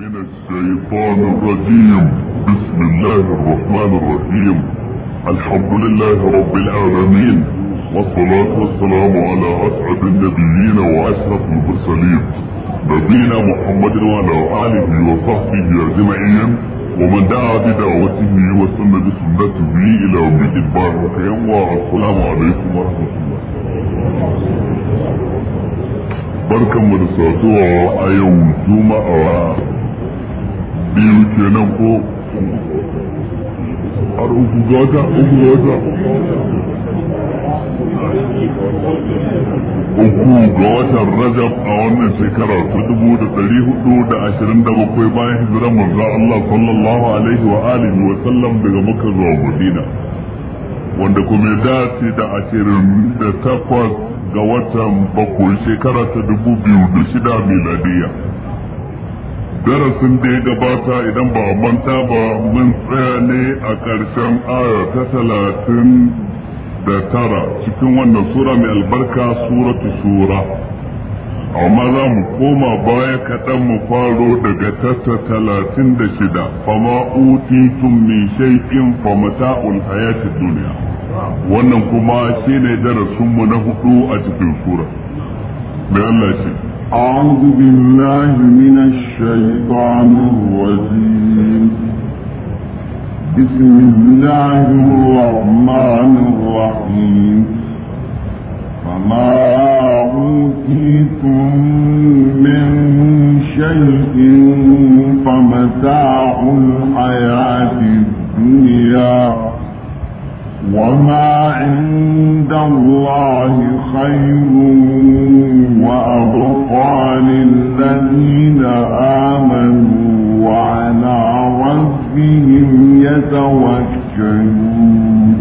من الشيطان الرجيم بسم الله الرحمن الرحيم الحمد لله رب العالمين والصلاة والسلام على أسعد النبيين وأشرف المرسلين نبينا محمد وعلى آله وصحبه أجمعين ومن دعا بدعوته وسن بسنته إلى يوم الدين بارك والسلام عليكم ورحمة الله barkan mu da saduwa a yau juma'a biyu kenan ko har uku ga wata uku zata uku ga watan rajab a wannan shekarar ta dubu da ɗari hudu da ashirin da bakwai bayan hijirar manzo Allah sallallahu alaihi wa alihi wa sallam daga Makka zuwa Madina wanda kuma ya dace da ashirin da takwas ga watan bakwai shekara ta dubu biyu da shida miladiyya darasin da ya gabata idan ba manta ba mun tsaya ne a ƙarshen aya ta talatin da tara cikin wannan sura mai albarka suratu sura amma za mu koma baya kaɗan mu faro daga tata talatin da shida fama utitun min shay'in famata'ul hayati duniya wannan kuma shine darasinmu na hudu a cikin sura mai Allah shi أعوذ بالله من الشيطان الرجيم بسم الله الرحمن الرحيم فما أوتيتم من شيء فمتاع الحياة الدنيا وما عند الله خير وأبقى للذين آمنوا وعلى ربهم يتوكلون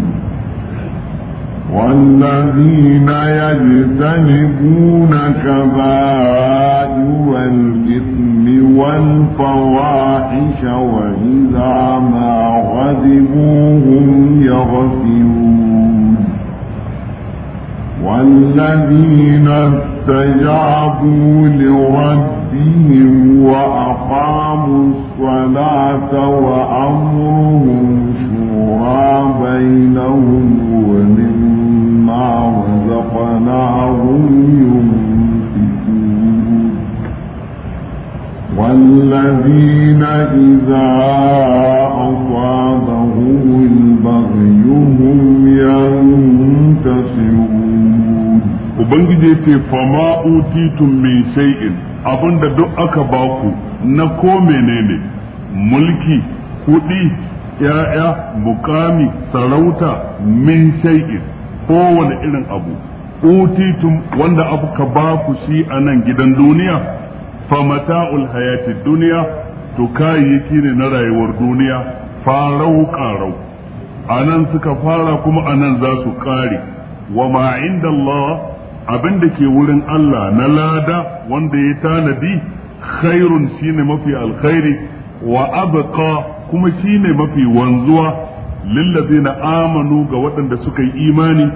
والذين يجتنبون كبائر الإثم والفواحش وإذا ما غضبوهم الذين استجابوا لربهم وأقاموا الصلاة وأمرهم شورى بينهم ومما رزقناهم ينفقون والذين إذا أصابهم البغي هم ينتصرون ubangiji ce fama utitum min shay'in abinda duk aka baku na ko menene mulki kuɗi ya'ya mukami sarauta min shay'in kowane irin abu utitum wanda aka baku shi a nan gidan duniya famata'ul hayati duniya to kayayyaki ne na rayuwar duniya farau karau a nan suka fara kuma a nan za su kare wa ma'inda Allah abin da ke wurin Allah na lada wanda ya tanadi khairun shine mafi alkhairi wa abqa kuma shine mafi wanzuwa lillazina amanu ga waɗanda suka yi imani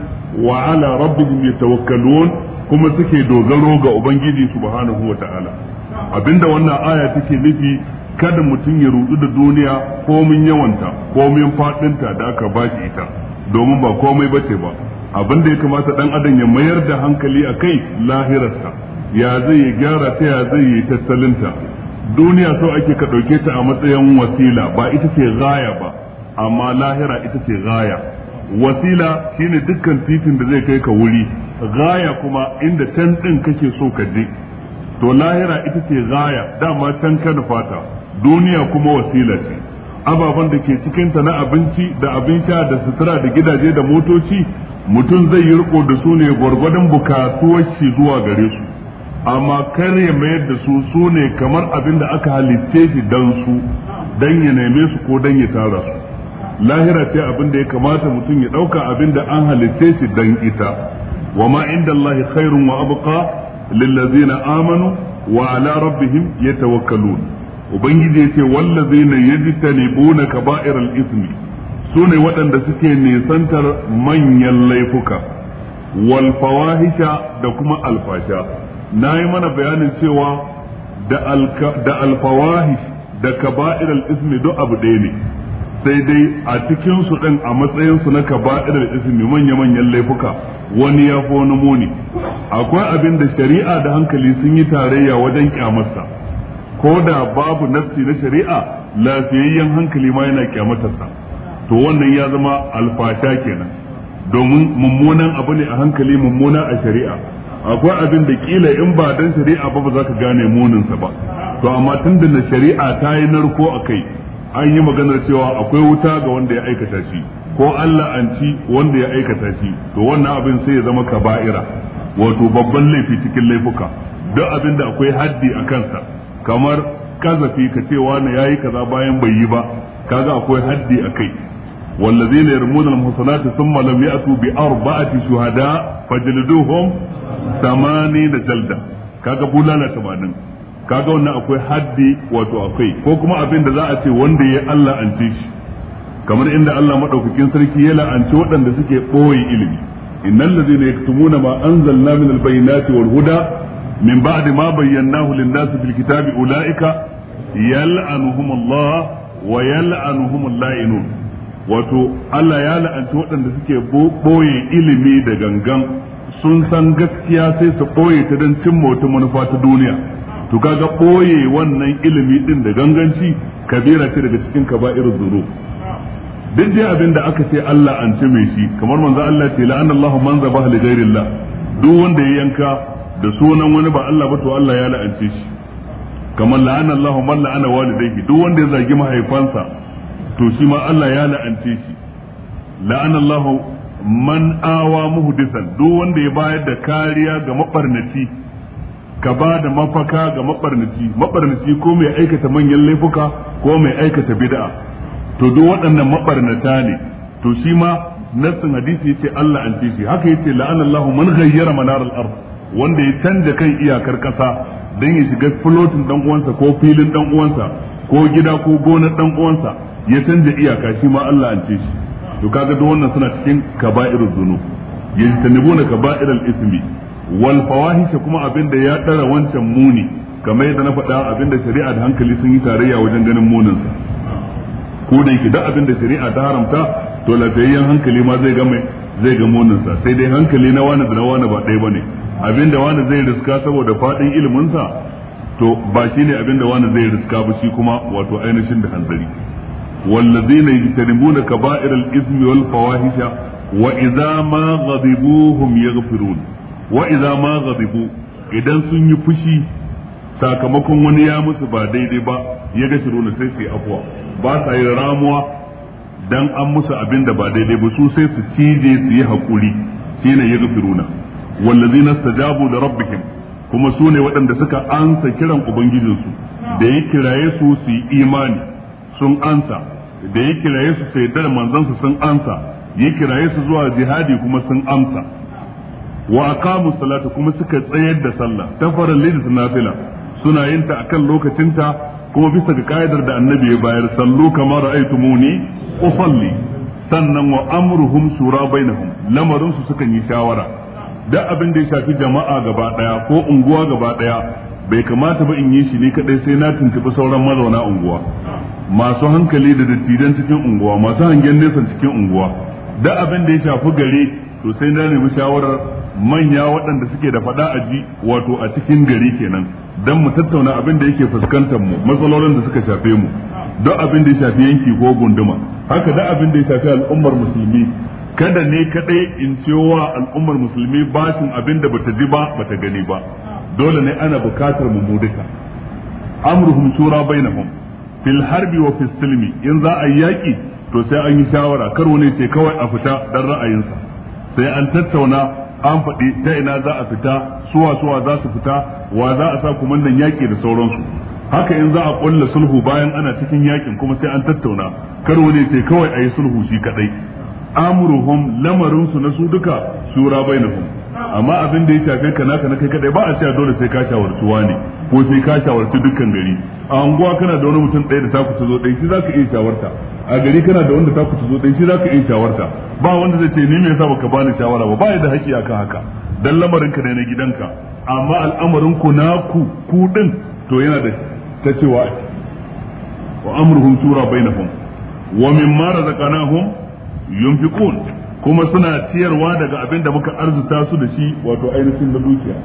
wa ala rabbihim yatawakkalun kuma suke dogaro ga ubangiji subhanahu wata'ala abinda wannan aya take nufi kada mutum ya rudu da duniya komin yawanta komin fadinta da aka bashi ita domin ba komai bace ba abin da ya kamata dan adam ya mayar da hankali a kai lahirarsa ya zai yi gyara ta ya zai yi tattalinta duniya so ake ka ɗauke ta a matsayin wasila ba ita ce gaya ba amma lahira ita ce gaya wasila shine dukkan titin da zai kai ka wuri gaya kuma inda can ɗin kake so ka je to lahira ita ce gaya dama can kan fata duniya kuma wasila ce ababen da ke cikin ta na abinci da abin sha da sutura da gidaje da motoci mutum zai yi riko da su ne gwargwadon bukatuwar shi zuwa gare su amma kar ya mayar da su su ne kamar abin da aka halitte shi dan su dan ya neme su ko dan ya tara su lahira ce abin da ya kamata mutum ya ɗauka abin da an halitte shi dan ita wa ma inda Allah khairun wa abqa lillazina amanu wa ala rabbihim yatawakkalun ubangiji yace wallazina yajtanibuna kaba'iral ismi su ne waɗanda suke nisantar manyan laifuka wal fawahisha da kuma alfasha na yi mana bayanin cewa da alfawahish da kaba'irar ismi duk abu ɗaya ne sai dai a cikin su ɗin a matsayinsu na kaba'irar ismi manya-manyan laifuka wani ya fi wani muni akwai abin da shari'a da hankali sun yi tarayya wajen kyamarsa ko da babu nassi na shari'a lafiyayyen hankali ma yana kyamatarsa to wannan ya zama alfasha kenan domin mummunan abu ne a hankali mummuna a shari'a akwai abin da kila in ba dan shari'a ba ba za ka gane muninsa ba to amma tun da shari'a ta yi narko a kai an yi maganar cewa akwai wuta ga wanda ya aikata shi ko Allah an ci wanda ya aikata shi to wannan abin sai ya zama kaba'ira wato babban laifi cikin laifuka duk abin da akwai haddi a kansa kamar kazafi ka ce wani yayi kaza bayan bai yi ba kaga akwai haddi a kai والذين يرمون المحصنات ثم لم يأتوا بأربعة شهداء فجلدوهم ثمانين جلدة kaga bulala tamanin kaga wannan akwai haddi wato akwai ko kuma abin da za a ce wanda ya Allah an shi kamar inda Allah madaukakin sarki ya la'anci waɗanda suke ɓoye ilimi innal ladzina yaktumuna ma anzalna min albayinati wal huda min ba'di ma bayyanahu lin-nasi fil kitabi ulaika yal'anuhum Allah wa yal'anuhum al-la'inun wato Allah ya la'anci waɗanda suke boye ilimi da gangan sun san gaskiya sai su boye ta don cimma wata manufa ta duniya to kaga boye wannan ilimi din da ganganci kabira ce daga cikin kaba'ir zuru duk dai abin da aka ce Allah an ce mai shi kamar manzo Allah ce la'an Allahu man zaba li ghairillah duk wanda ya yanka da sunan wani ba Allah ba to Allah ya la'ance shi kamar la'an Allahu man la'ana walidayhi duk wanda ya zagi mahaifansa to shi ma Allah ya la'ance shi la'ana Allah man awa muhdisan duk wanda ya bayar da kariya ga mabarnaci ka ba da mafaka ga mabarnaci mabarnaci ko mai aikata manyan laifuka ko mai aikata bid'a to duk waɗannan mabarnata ne to shi ma nassin hadisi yace Allah an ce shi haka yace la'ana Allah man ghayyara manar al-ard wanda ya canza kan iyakar ƙasa dan ya shiga floating dan uwansa ko filin dan uwansa ko gida ko gonar dan uwansa ya canza iyaka shi ma Allah an ce shi to kaga duk wannan suna cikin kaba'irul dhunub yajtanibuna kaba'irul ismi wal fawahisha kuma abinda ya dara wancan muni kamar yadda na faɗa abinda shari'a da hankali sun yi tarayya wajen ganin munin sa ko da yake duk abinda shari'a ta haramta to lafiyayyen hankali ma zai ga mai zai ga munin sa sai dai hankali na wani da na wani ba ɗaya bane abinda wani zai riska saboda faɗin ilimin sa to ba shine abinda wani zai riska ba shi kuma wato ainihin da hanzari والذين يجتنبون كبائر الإثم والفواحش وإذا ما غضبوا هم يغفرون وإذا ما غضبوا إذا سن يفشي sakamakon wani ya musu ba daidai ba ya ga shiru sai su yi afuwa ba sa yi ramuwa dan an musu abin da ba daidai ba su sai su cije su yi hakuri shine ya gafiruna wallazina stajabu da rabbihim kuma su ne waɗanda suka ansa kiran ubangijinsu da ya kiraye su su yi imani sun ansa da ya kiraye su sai da manzansa sun amsa ya kiraye su zuwa jihadi kuma sun amsa wa aqamu salata kuma suka tsayar da sallah ta faralli da nafila suna yin ta akan lokacinta kuma bisa ga ka'idar da annabi ya bayar sallu kama ra'aytumuni usalli sannan wa amruhum shura bainahum lamarin su sukan yi shawara da abin da ya shafi jama'a gaba daya ko unguwa gaba daya bai kamata ba in yi shi ne kadai sai na tuntubi sauran mazauna unguwa masu hankali da dattijan cikin unguwa masu hangen nesa cikin unguwa da abin da ya shafi gari to sai na nemi shawarar manya waɗanda suke da faɗa a ji wato a cikin gari kenan don mu tattauna abin da yake fuskantar mu matsalolin da suka shafe mu don abin da ya shafi yanki ko gunduma haka da abin da ya shafi al'ummar musulmi kada ne kaɗai in wa al'ummar musulmi bashin abin da bata ji ba bata gani ba dole ne ana bukatar mu duka amruhum shura bainahum fil harbi wa fil silmi in za a yi yaƙi to sai an yi shawara kar wani ce kawai a fita dan ra'ayinsa sai an tattauna an faɗi ta ina za a fita suwa suwa za su fita wa za a sa kumandan yaƙi da sauransu haka in za a ƙulla sulhu bayan ana cikin yaƙin kuma sai an tattauna kar wani ce kawai a yi sulhu shi kaɗai. amuruhum lamarinsu na su duka shura bainahum amma abin da ya shafe ka naka na kai kadai ba a cewa dole sai ka shawarci wani ko sai ka shawarci dukkan gari a unguwa kana da wani mutum ɗaya da ta ku zo ɗaya shi za ka iya shawarta a gari kana da wanda ta ku zo ɗaya shi za ka iya shawarta ba wanda zai ce ni me yasa baka bani shawara ba ba da haƙƙi akan haka dan lamarin ka ne na gidanka amma al'amarin ku naku ku din to yana da ta cewa wa amruhum tura bainahum wa mimma razaqnahum yunfiqun kuma suna ciyarwa daga abin da muka arzuta su da shi wato ainihin na dukiya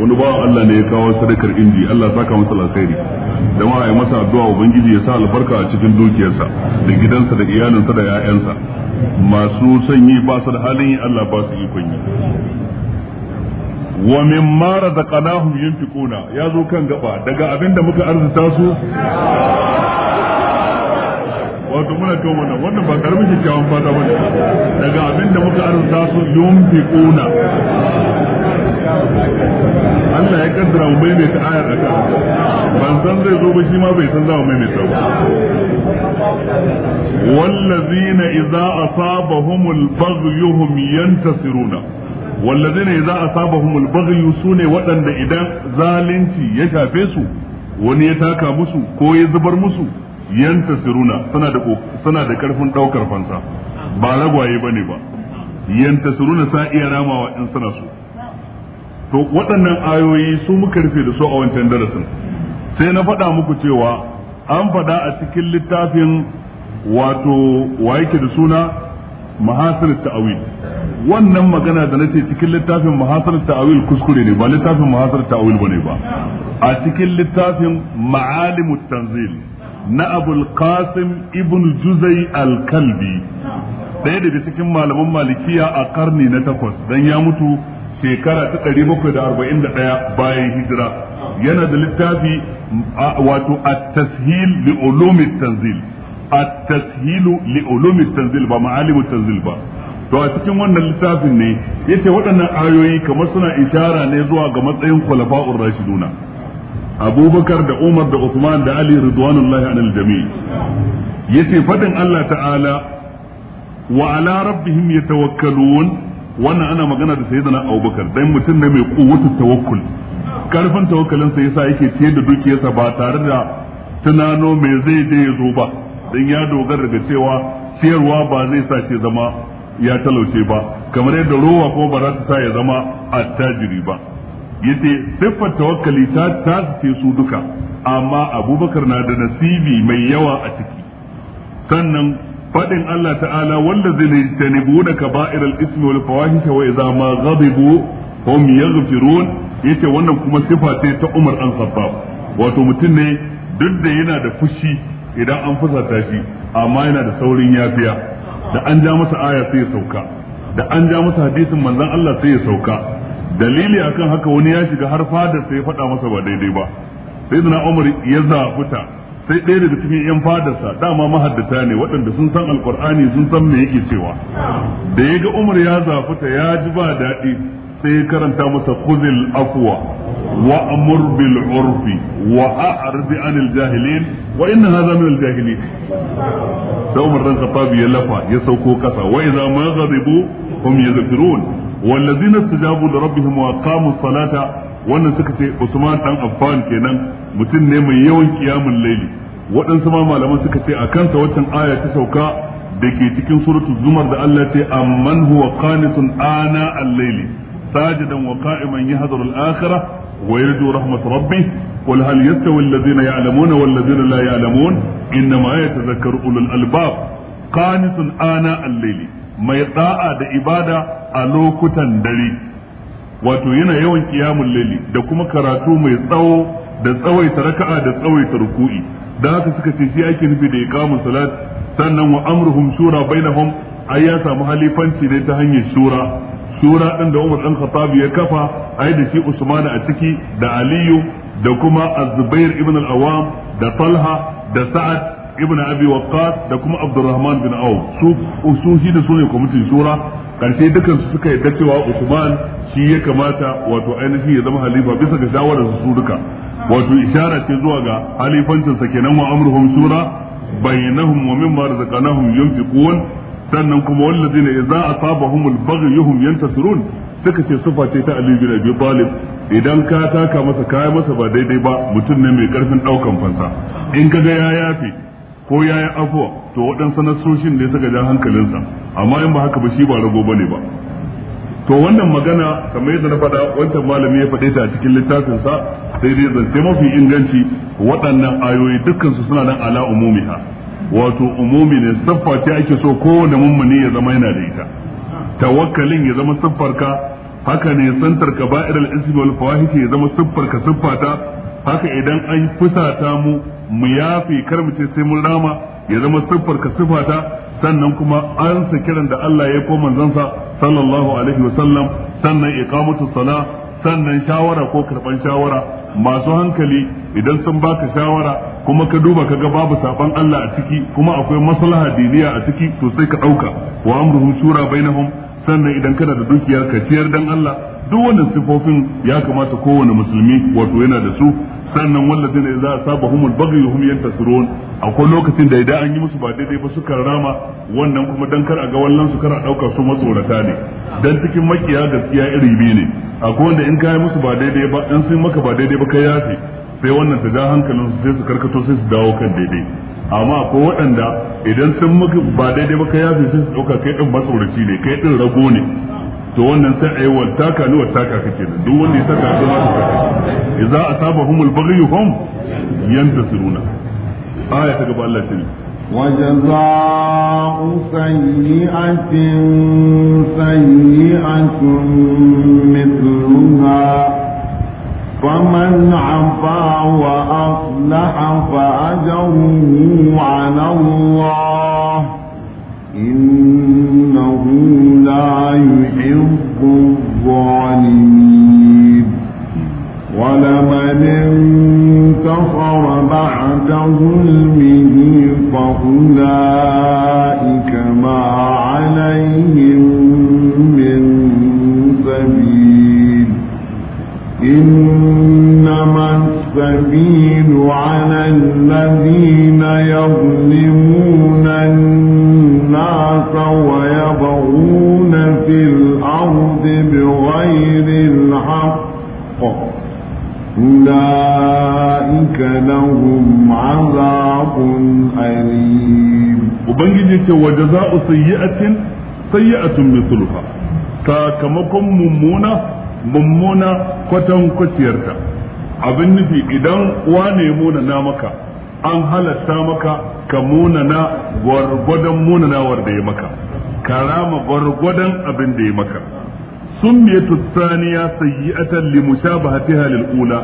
wani ba Allah ne ya kawo sadakar inji Allah saka masa alkhairi da ma ai masa addu'a ubangiji ya sa albarka a cikin dukiyarsa da gidansa da iyalinsa da 'ya'yansa masu sanyi ba su da halin yi Allah ba su ikon yi wa min mimma razaqnahum yunfiquna ya zo kan gaba daga abinda muka arzuta su wato muna kan wannan wannan ba karamin kyakkyawan fata bane daga abinda muka arzuta su yunfiquna Allah ya kaddara mu maimaita ayar aka ban san zai zo ba shi ma bai san za mu maimaita ba wallazina idza asabahumul baghyuhum yantasiruna wallazina idza asabahumul baghy sune waɗanda idan zalunci ya shafe su wani ya taka musu ko ya zubar musu yantasiruna suna da suna da karfin daukar fansa ba ragwaye bane ba yantasiruna sa iya ramawa in suna su. to waɗannan ayoyi su muka rufe da su a wancan darasin sai na faɗa muku cewa an faɗa a cikin littafin wato wa yake da suna mahasir ta'awil wannan magana da nace cikin littafin mahasar ta'awil kuskure ne ba littafin mahasar ta'awil bane ba a cikin littafin ma'alimut tanzil na abul qasim ibn juzai al-kalbi daya daga cikin malaman malikiya a karni na takwas dan ya mutu shekara ta 741 bayan hijira yana da littafi wato at-tashil li ulumit tanzil at-tashil li ulumit tanzil ba ma'alimut tanzil ba to a cikin wannan littafin ne yace waɗannan ayoyi kamar suna ishara ne zuwa ga matsayin khulafa'ur rashiduna abubakar da umar da usman da ali ridwanullahi anil jami' yace fadin Allah ta'ala wa ala rabbihim yatawakkalun wannan ana magana da sayyidina abubakar dan mutum ne mai kuwatu tawakkul karfin tawakkalin sa yasa yake ciyar da dukiyarsa ba tare da tunano me zai je ya zo ba dan ya dogara da cewa siyarwa ba zai sa zama ya talauce ba kamar yadda rowa ko ba za ta sa ya zama attajiri ba yace siffar tawakkali ta tasace su duka amma abubakar na da nasibi mai yawa a ciki sannan faɗin Allah ta'ala wanda zai tanibu da kaba'ir al-ismi wal fawahish wa idza ma ghadibu hum yaghfirun yace wannan kuma sifa ce ta Umar an Khattab wato mutum ne duk da yana da fushi idan an fusata shi amma yana da saurin yafiya da an ja masa aya sai ya sauka da an ja masa hadisin manzon Allah sai ya sauka dalili akan haka wani ya shiga har fadar sai ya faɗa masa ba daidai ba sai na Umar ya zafuta sai ɗaya daga cikin 'yan fadarsa dama mahaddata ne waɗanda sun san alkur'ani sun san me yake cewa da ya ga umar ya zafuta ya ji ba daɗi sai karanta masa khuzil afwa wa amur bil urfi wa a'rid anil jahilin wa inna hadha min al jahilin sai Umar dan Khattab ya lafa ya sauko kasa wa idza ma ghadibu hum yaghfirun wallazina istajabu li rabbihim wa aqamu salata wannan suka ce Usman dan Affan kenan mutum ne mai yawan kiyamul laili waɗansu ma malaman suka ce a kansa waccan aya ta sauka da ke cikin suratu zumar da Allah ce amman huwa qanitun ana al-layli ساجدا وقائما يحذر الآخرة ويرجو رحمة ربه قل هل يستوي الذين يعلمون والذين لا يعلمون إنما يتذكر أولو الألباب قانس آناء الليل mai da'a da ibada a lokutan dare wato yana yawan kiyamun laili da kuma karatu mai tsawo da tsawaita raka'a da tsawaita ruku'i da haka suka ce shi ake nufi da iqamus salat sannan wa amruhum shura bainahum ai ya samu halifanci ne ta hanyar shura Sura ɗin da Umar dan Khattab ya kafa ai da shi Usman a ciki da Aliyu da kuma Az-Zubair ibn al-Awam da Talha da Sa'ad ibn Abi Waqqas da kuma Abdurrahman bin Auf su usuhi da sune kwamitin shura karshe dukan su suka yadda cewa Usman shi ya kamata wato ainihi ya zama halifa bisa ga shawarar su duka wato isharar ce zuwa ga halifancinsa kenan wa amruhum shura bainahum wa mimma razaqnahum yunfiqun sannan kuma wallazina za a saba humul hum yantasirun suka ce sufa ce ta Ali bin Abi Talib idan ka taka masa kai masa ba daidai ba mutum ne mai karfin daukan fansa in kaga ya yafe ko ya yi afuwa to waɗansu nasoshin ne suka ja hankalinsa amma in ba haka ba shi ba rago ne ba to wannan magana kamar yadda na faɗa wancan malami ya faɗe ta a cikin littafinsa sai dai zance mafi inganci waɗannan ayoyi dukkansu suna nan ala umumiha wato umumi ne siffa ce ake so kowane mummuni ya zama yana da ita tawakkalin ya zama siffarka haka ne santar ka al ismi wal fawahish ya zama siffarka siffata haka idan an fusata mu mu yafi kar mu ce sai mun rama ya zama siffarka siffata sannan kuma an sa kiran da Allah ya ko manzansa sallallahu alaihi wa sallam, sannan iqamatu salah sannan shawara ko karban shawara masu hankali idan sun baka shawara kuma ka duba ka ga babu saban Allah a ciki kuma akwai maslaha diniya a ciki to sai ka dauka wa amruhum shura bainahum sannan idan kana da dukiya ka ciyar dan Allah duk wannan sifofin ya kamata kowane musulmi wato yana da su sannan wallazi ne za a saba humul bagi hum yantasirun akwai lokacin da idan an yi musu ba daidai ba suka rama wannan kuma dan kar a ga wallan su kar a dauka su matsorata ne dan cikin makiya gaskiya iri biyu ne akwai wanda in kai musu ba daidai ba in sun maka ba daidai ba kai yafi sai wannan ta ga hankalin su sai su karkato sai su dawo kan daidai amma ko waɗanda idan sun maka ba daidai ba ka yafi sun ɗauka kai ɗin matsoraci ne kai ɗin rago ne to wannan sai a yi waltaka ni waltaka kake nan duk wanda ya saka su ma su a saba humul baghy hum suruna aya ta gaba Allah ce وجزاء سيئة سيئة مثلها فمن عفا وأصلح فأجره على الله إنه لا يحب الظالمين ولمن انتصر بعد ظلمه فأولئك ما عليهم من سبيل إنما السبيل على الذين يظلمون الناس ويبغون في الأرض بغير الحق أولئك لهم عذاب أليم وبنجد وجزاء سيئة سيئة مثلها sakamakon mummuna mummuna kwatan kwaciyarta abin nufi idan ne munana maka an halatta maka ka munana gwargwadon munanawar da ya maka ka rama gwargwadon abin da ya maka summiyatu thaniya sayyi'atan li mushabahatiha halin ula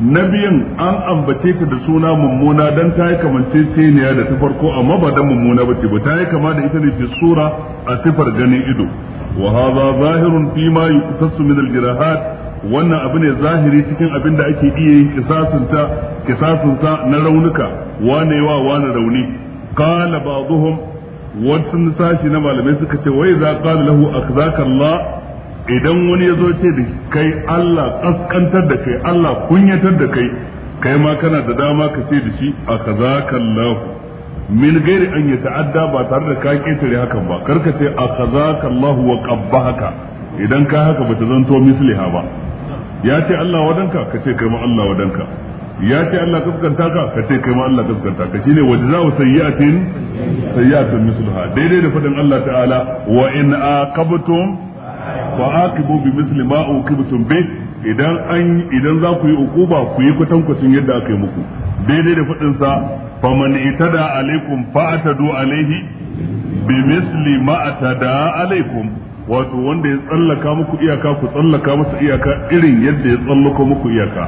na biyan an ambace ta da suna mummuna dan ta yi kamanceceniya da ta farko amma ba dan mummuna ba ce ba ta yi kama da ita ne fi sura a sifar ganin ido wa hadha zahirun fi ma yuqtasu min al-jirahat wannan abu ne zahiri cikin abin da ake iya yin kisasunta na raunuka wane wa wane rauni qala ba'dhum wasu sashi na malamai suka ce wai za qala lahu akhzaka Allah idan wani ya zo ce da kai Allah kaskantar da kai Allah kunyatar da kai kai ma kana da dama ka ce da shi a kaza kallahu min gairi an ya ta'adda ba tare da ka ketare hakan ba karka ce a kaza kallahu wa haka idan ka haka bata zanto misliha ba ya ce Allah wadanka ka ce kai ma Allah wadanka ya ce Allah kaskanta ka ka ce kai ma Allah kaskanta ka shine wajza'u sayyi'atin sayyi'atun misliha daidai da fadin Allah ta'ala wa in aqabtum fa'aqibu bi misli ma uqibtum bi idan an idan za ku yi ukuba ku yi kwatankwacin yadda aka yi muku daidai da fadin sa faman itada alaikum fa atadu alaihi bi misli ma atada alaikum wato wanda ya tsallaka muku iyaka ku tsallaka masa iyaka irin yadda ya tsallaka muku iyaka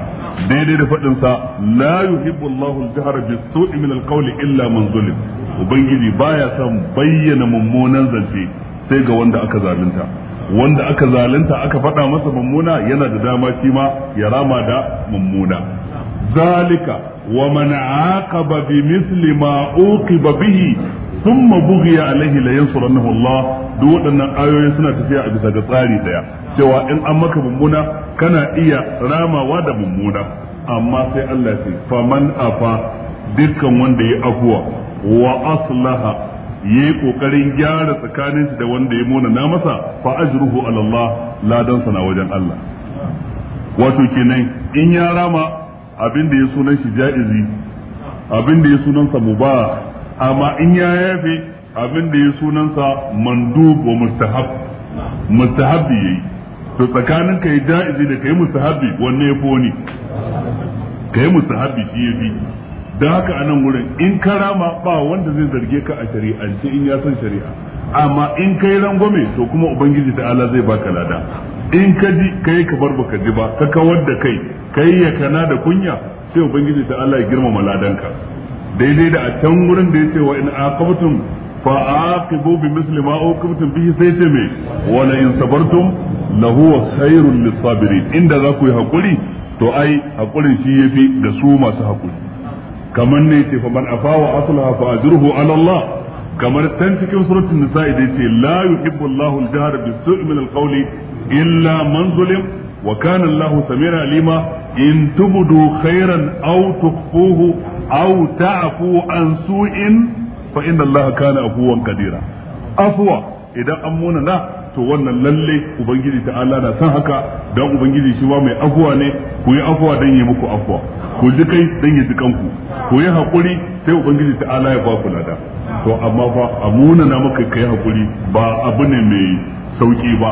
daidai da fadin sa la yuhibbu Allahu al-jahra bi sui min al-qawli illa man zulim ubangiji baya son bayyana mummunan zance sai ga wanda aka zalunta wanda aka zalunta aka faɗa masa mummuna yana da dama shi ma ya rama da mummuna zalika wa man aqaba bi misli ma uqiba bihi thumma bughiya alaihi la yansurannahu Allah duk waɗannan ayoyin suna tafiya a bisa ga tsari daya cewa in an maka mummuna kana iya ramawa da mummuna amma sai Allah ya faman afa dukkan wanda ya afuwa wa aslaha yi kokarin gyara tsakanin da wanda ya mona na masa fa ajruhu ala Allah ladan sana wajen Allah wato kenan in ya rama abin da ya sunan shi jaizi abin da ya sunan sa mubah amma in ya yafe abin da ya sunan sa mandub wa mustahab mustahabi yayi to tsakanin kai jaizi da kai mustahabi wanne ya fi wani kai mustahabi shi yafi da haka a nan wurin in ka rama ba wanda zai zarge ka a shari'a shari'ance in ya san shari'a amma in kai rangwame to kuma ubangiji ala zai baka lada in ka ji kai ka bar baka ji ba ka kawar da kai kai ya kana da kunya sai ubangiji ta'ala ya girmama ladanka daidai da a can wurin da ya ce wa in aqabtum fa aqibu bi misli ma uqibtum bihi sai ce me wala in sabartum lahu khairul lisabirin inda za ku yi hakuri to ai hakurin shi yafi da su masu hakuri kamar ne ce fa man afawa aslaha fa ajruhu ala Allah kamar tan cikin suratul nisa da yace la yuhibbu Allahu al-jahr bis-su'i min al-qawli illa man zulim wa kana Allahu samira alima in tubdu khairan aw tukhfuhu aw ta'fu an su'in fa inna Allah kana afuwan kadira afwa idan an muna na to wannan lalle ubangiji ta'ala na san haka dan ubangiji shi ma mai afuwa ne ku yi afuwa dan yi muku afuwa ku ji kai dan ya ji kanku ku yi hakuri sai ubangiji ta ala ya ba ku lada to amma fa na na maka kai hakuri ba abu ne mai sauki ba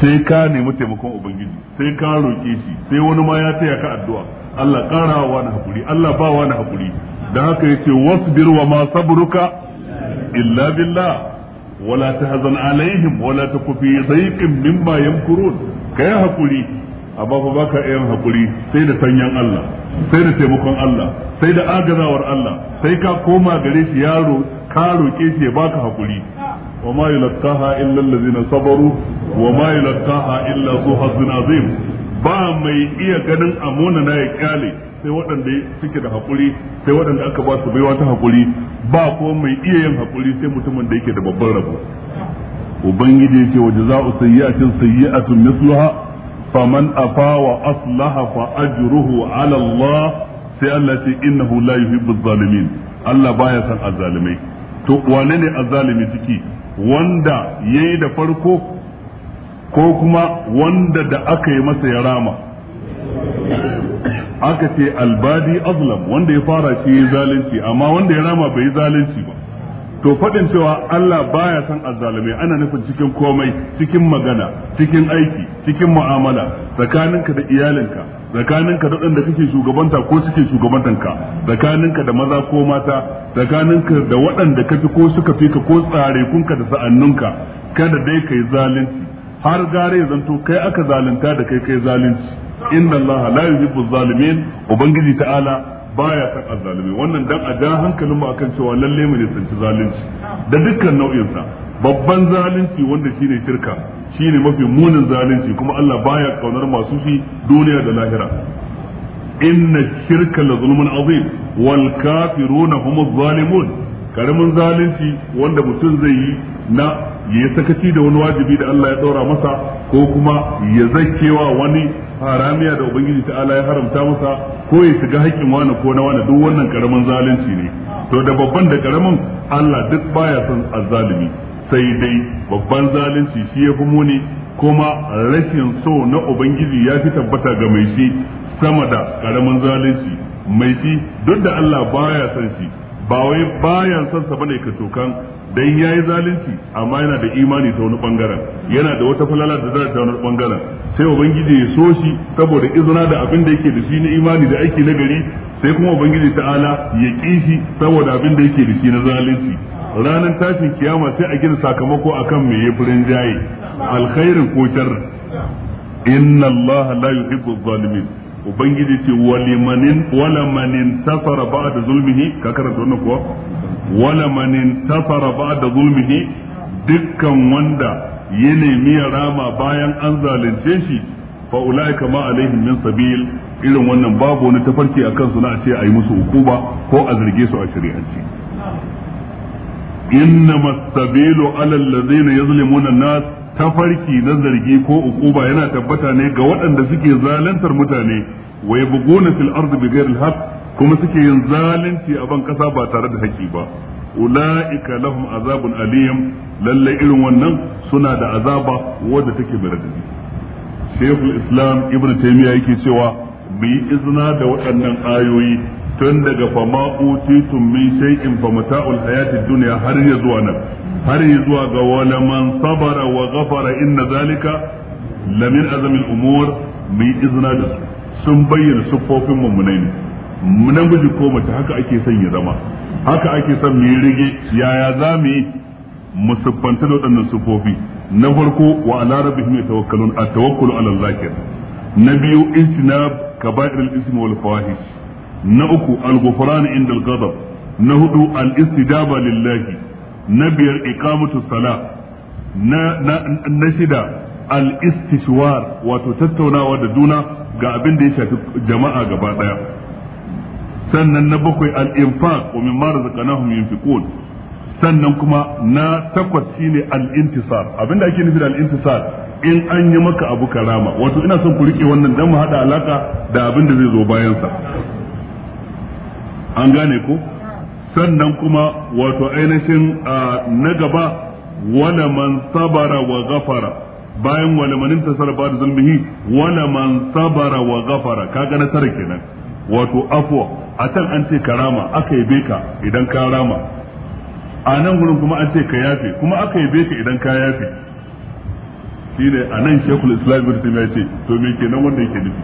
sai ka nemi taimakon ubangiji sai ka roke shi sai wani ma ya taya ka addu'a Allah kara wa na hakuri Allah ba wa na hakuri dan haka yace wasbir wa ma sabruka illa billah wala tahzan alaihim wala takufi fi dhayqin mimma yamkurun kai hakuri a fa baka yin hakuri sai da sanyan Allah sai da taimakon Allah sai da agazawar Allah sai ka koma gare shi yaro ka roke shi ya baka hakuri wa ma yulqaha illa allazina sabaru wa ma yulqaha illa zu hazzin azim ba mai iya ganin amona na ya kyale sai waɗanda suke da hakuri sai waɗanda aka ba su baiwa ta hakuri ba ko mai iya yin hakuri sai mutumin da yake da babban rabo ubangiji yake wajaza'u jaza'u sayyi'atin sayyi'atun misluha faman afa wa aslaha fa ajruhu ala Allah sai Allah ce innahu la yuhibbu zalimin Allah baya san azzalimai to wane ne azzalimi ciki wanda yayi da farko ko kuma wanda da aka yi masa yarama? aka ce albadi azlam wanda ya fara shi ya zalunci amma wanda ya rama bai yi zalunci ba to faɗin cewa Allah baya son azzalumai ana nufin cikin komai cikin magana cikin aiki cikin mu'amala tsakaninka da iyalinka tsakaninka da waɗanda kake shugabanta ko suke shugabantanka tsakaninka da maza ko mata tsakaninka da waɗanda kafi ko suka fika ko tsare kunka da sa'annunka kada dai kai zalunci har gare ya zanto kai aka zalunta da kai kai zalunci inna Allah la yuhibbu zalimin ubangiji ta'ala baya san azzalumi wannan dan a ja hankalin mu akan cewa lalle mu ne tsinci zalunci da dukkan nau'in sa babban zalunci wanda shine shirka shine mafi munin zalunci kuma Allah baya kaunar masu shi duniya da lahira inna shirka la zulmun azim wal kafiruna humuz zalimun karamin zalunci wanda mutum zai yi na ya sakaci da wani wajibi da Allah ya ɗora masa ko kuma ya zakewa wani haramiya da ubangiji ala ya haramta masa ko ya shiga haƙƙin wani ko na wani duk wannan karamin zalunci ne to da babban da karamin Allah duk baya son azzalumi sai dai babban zalunci shi ya fi muni kuma rashin so na ubangiji ya fi tabbata ga mai shi sama da karamin zalunci mai shi duk da Allah baya son shi ba wai bayan son sa bane ka tokan dan ya yi zalunci amma yana da imani ta wani bangaren yana da wata falala da zai ta wani bangaren sai ubangiji ya so shi saboda izina da abin da yake da shi na imani da aiki na gari sai kuma ubangiji ta'ala ya kishi shi saboda abin da yake da shi na zalunci ranar tashin kiyama sai a gina sakamako akan me ya furin jaye alkhairin kotar. sharri inna allaha la yuhibbu zalimin ubangiji ce walimanin wala manin tasara ba'da zulmihi ka karanta wannan kuwa wala manin tasara ba'da zulmihi dukkan wanda ya nemi ya rama bayan an zalunce shi fa ulaika ma alaihim min sabil irin wannan babu wani tafarki akan su na a ce a yi musu hukuma ko a zarge su a shari'ance innama sabilu ala an-nas tafarki na zargi ko ukuba yana tabbata ne ga waɗanda suke zalantar mutane wai bugu fil ardi bighayri al kuma suke yin zalunci a ban kasa ba tare da haƙƙi ba ula'ika lahum azabun aliyam lalle irin wannan suna da azaba wadda take mai radadi shaykhul islam ibnu taymiya yake cewa mu yi izina da waɗannan ayoyi tun daga fama utitum min shay'in fa mata'ul hayatid dunya har ya zuwa nan har zuwa ga walaman man sabara wa gafara inna zalika lamin azamin umur mu yi izina da su sun bayyana siffofin mummunai ne namiji ko mace haka ake son ya zama haka ake son mu yi rige yaya za mu yi mu siffanta da waɗannan siffofi na farko wa alarabi rabbihim yatawakkalun a tawakkulu ala na biyu ijtinab kaba'ir al-ism wal fawahish na uku al-ghufran inda al-ghadab na hudu al-istijaba lillahi na biyar ikamatu sala na na shida al istishwar wato tattaunawa da juna ga abin da ya shafi jama'a gaba daya sannan na bakwai al infaq wa mimma razaqnahum yunfiqun sannan kuma na takwas shine al intisar da ake nufi da al intisar in an yi maka abu karama wato ina son ku rike wannan dan mu hada alaka da abin da zai zo bayansa. an gane ko sannan kuma wato ainihin na gaba wala man sabara wa gafara bayan wala man intasara ba da zulmihi wala man sabara wa gafara kaga na tare kenan wato afwa a can an ce karama aka yabe ka idan ka rama a nan gurin kuma an ce ka yafe kuma aka yabe ka idan ka yafe shi ne a nan shekul islam ibn ya ce to me kenan wanda yake nufi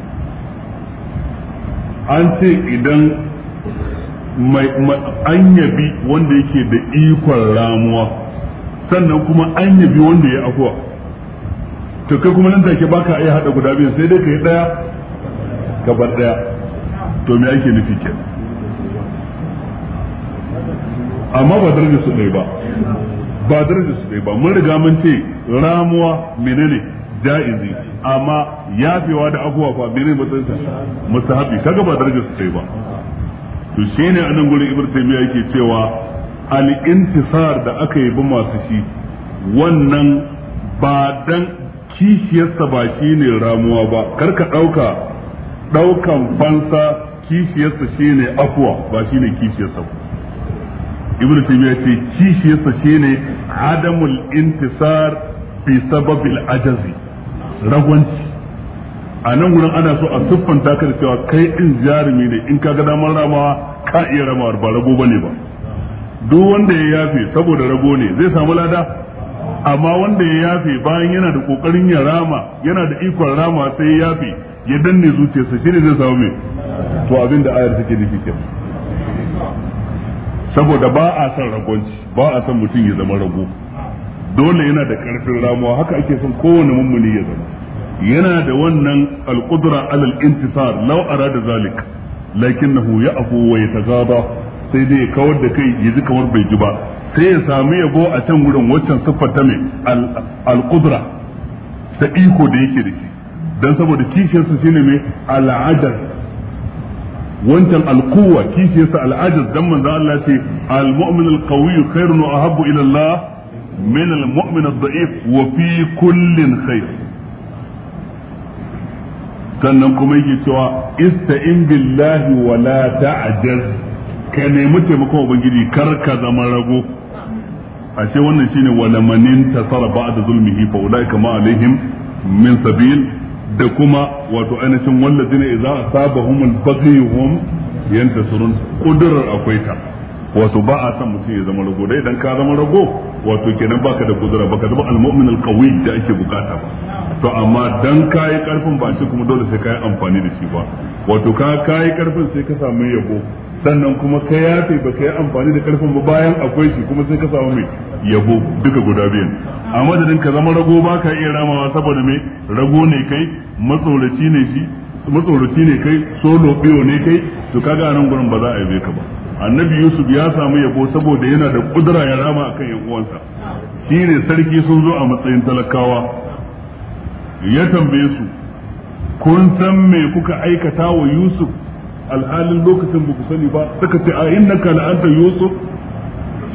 an ce idan an yabi wanda yake da ikon ramuwa sannan kuma an yabi wanda ya afuwa to kai kuma nan take baka iya hada guda biyu sai dai kai daya ka bar daya to me ake nufi ke amma ba darajar su dai ba ba darajar su dai ba mun riga mun ce ramuwa menene ja'izi amma yafewa da afuwa fa menene matsayinsa mustahabi kaga ba darajar su dai ba to shine anan gurin ibnu taymiya yake cewa al-intisar da aka yi ba masu shi wannan ba dan kishiyarsa ba shine ramuwa ba karka dauka daukan fansa kishiyarsa shine afwa ba shine kishiyarsa ba ibnu ya ce kishiyarsa shine adamul intisar bi sababil ajazi ragwanci a nan gudan ana so a siffanta ka cewa kai in jarumi ne in ka ga damar ramawa ka iya ramawar ba rago ne ba duk wanda ya yafe saboda rago ne zai samu lada amma wanda ya yafe bayan yana da kokarin ya rama yana da ikon rama sai ya yafe ya danne zuciyarsa shine zai samu me to abin da ayar take nufi kenan saboda ba a son ragonci ba a son mutum ya zama rago dole yana da karfin ramuwa haka ake son kowane mummuni ya zama yana da wannan alqudra alal intisar law arada zalik lakinnahu ya'fu wa yataghaba sai dai kawar da kai yaji kamar bai ji ba sai ya sami yabo a can gurin waccan siffar ta mai ta iko da yake da shi dan saboda kishiyarsa shine mai al'adar wancan alquwa kishiyarsa al'adar dan manzo Allah ce al-mu'min al-qawi khairun wa ahabbu ila Allah min al-mu'min daif wa fi kullin khair sannan kuma yake cewa ista'in billahi wa la ta'jaz ka nemi taimakon ubangiji kar ka zama rago ashe wannan shine wala manin tasara ba'da zulmihi fa ulaika ma alaihim min sabil da kuma wato ainihin wallazina idza asabahum al-baghy yantasirun kudurar akwai ta wato ba a san mutum ya zama rago dai idan ka zama rago wato kenan baka da kudura baka zama almu'min alqawi da ake bukata ba to amma dan kai karfin ba shi kuma dole sai kai amfani da shi ba wato ka kai karfin sai ka samu yabo sannan kuma ka yafe ba kai yi amfani da karfin ba bayan akwai shi kuma sai ka samu mai yabo duka guda biyan amma da ka zama rago baka ka iya ramawa saboda me rago ne kai matsoraci ne shi matsoraci ne kai solo biyo ne kai to kaga nan gurin ba za a yi ka ba annabi yusuf ya samu yabo saboda yana da kudura ya rama akan yan uwansa ne sarki sun zo a matsayin talakawa ya tambaye su kun san me kuka aikata wa yusuf alhalin lokacin ba ku sani ba suka ce a innaka la'anta yusuf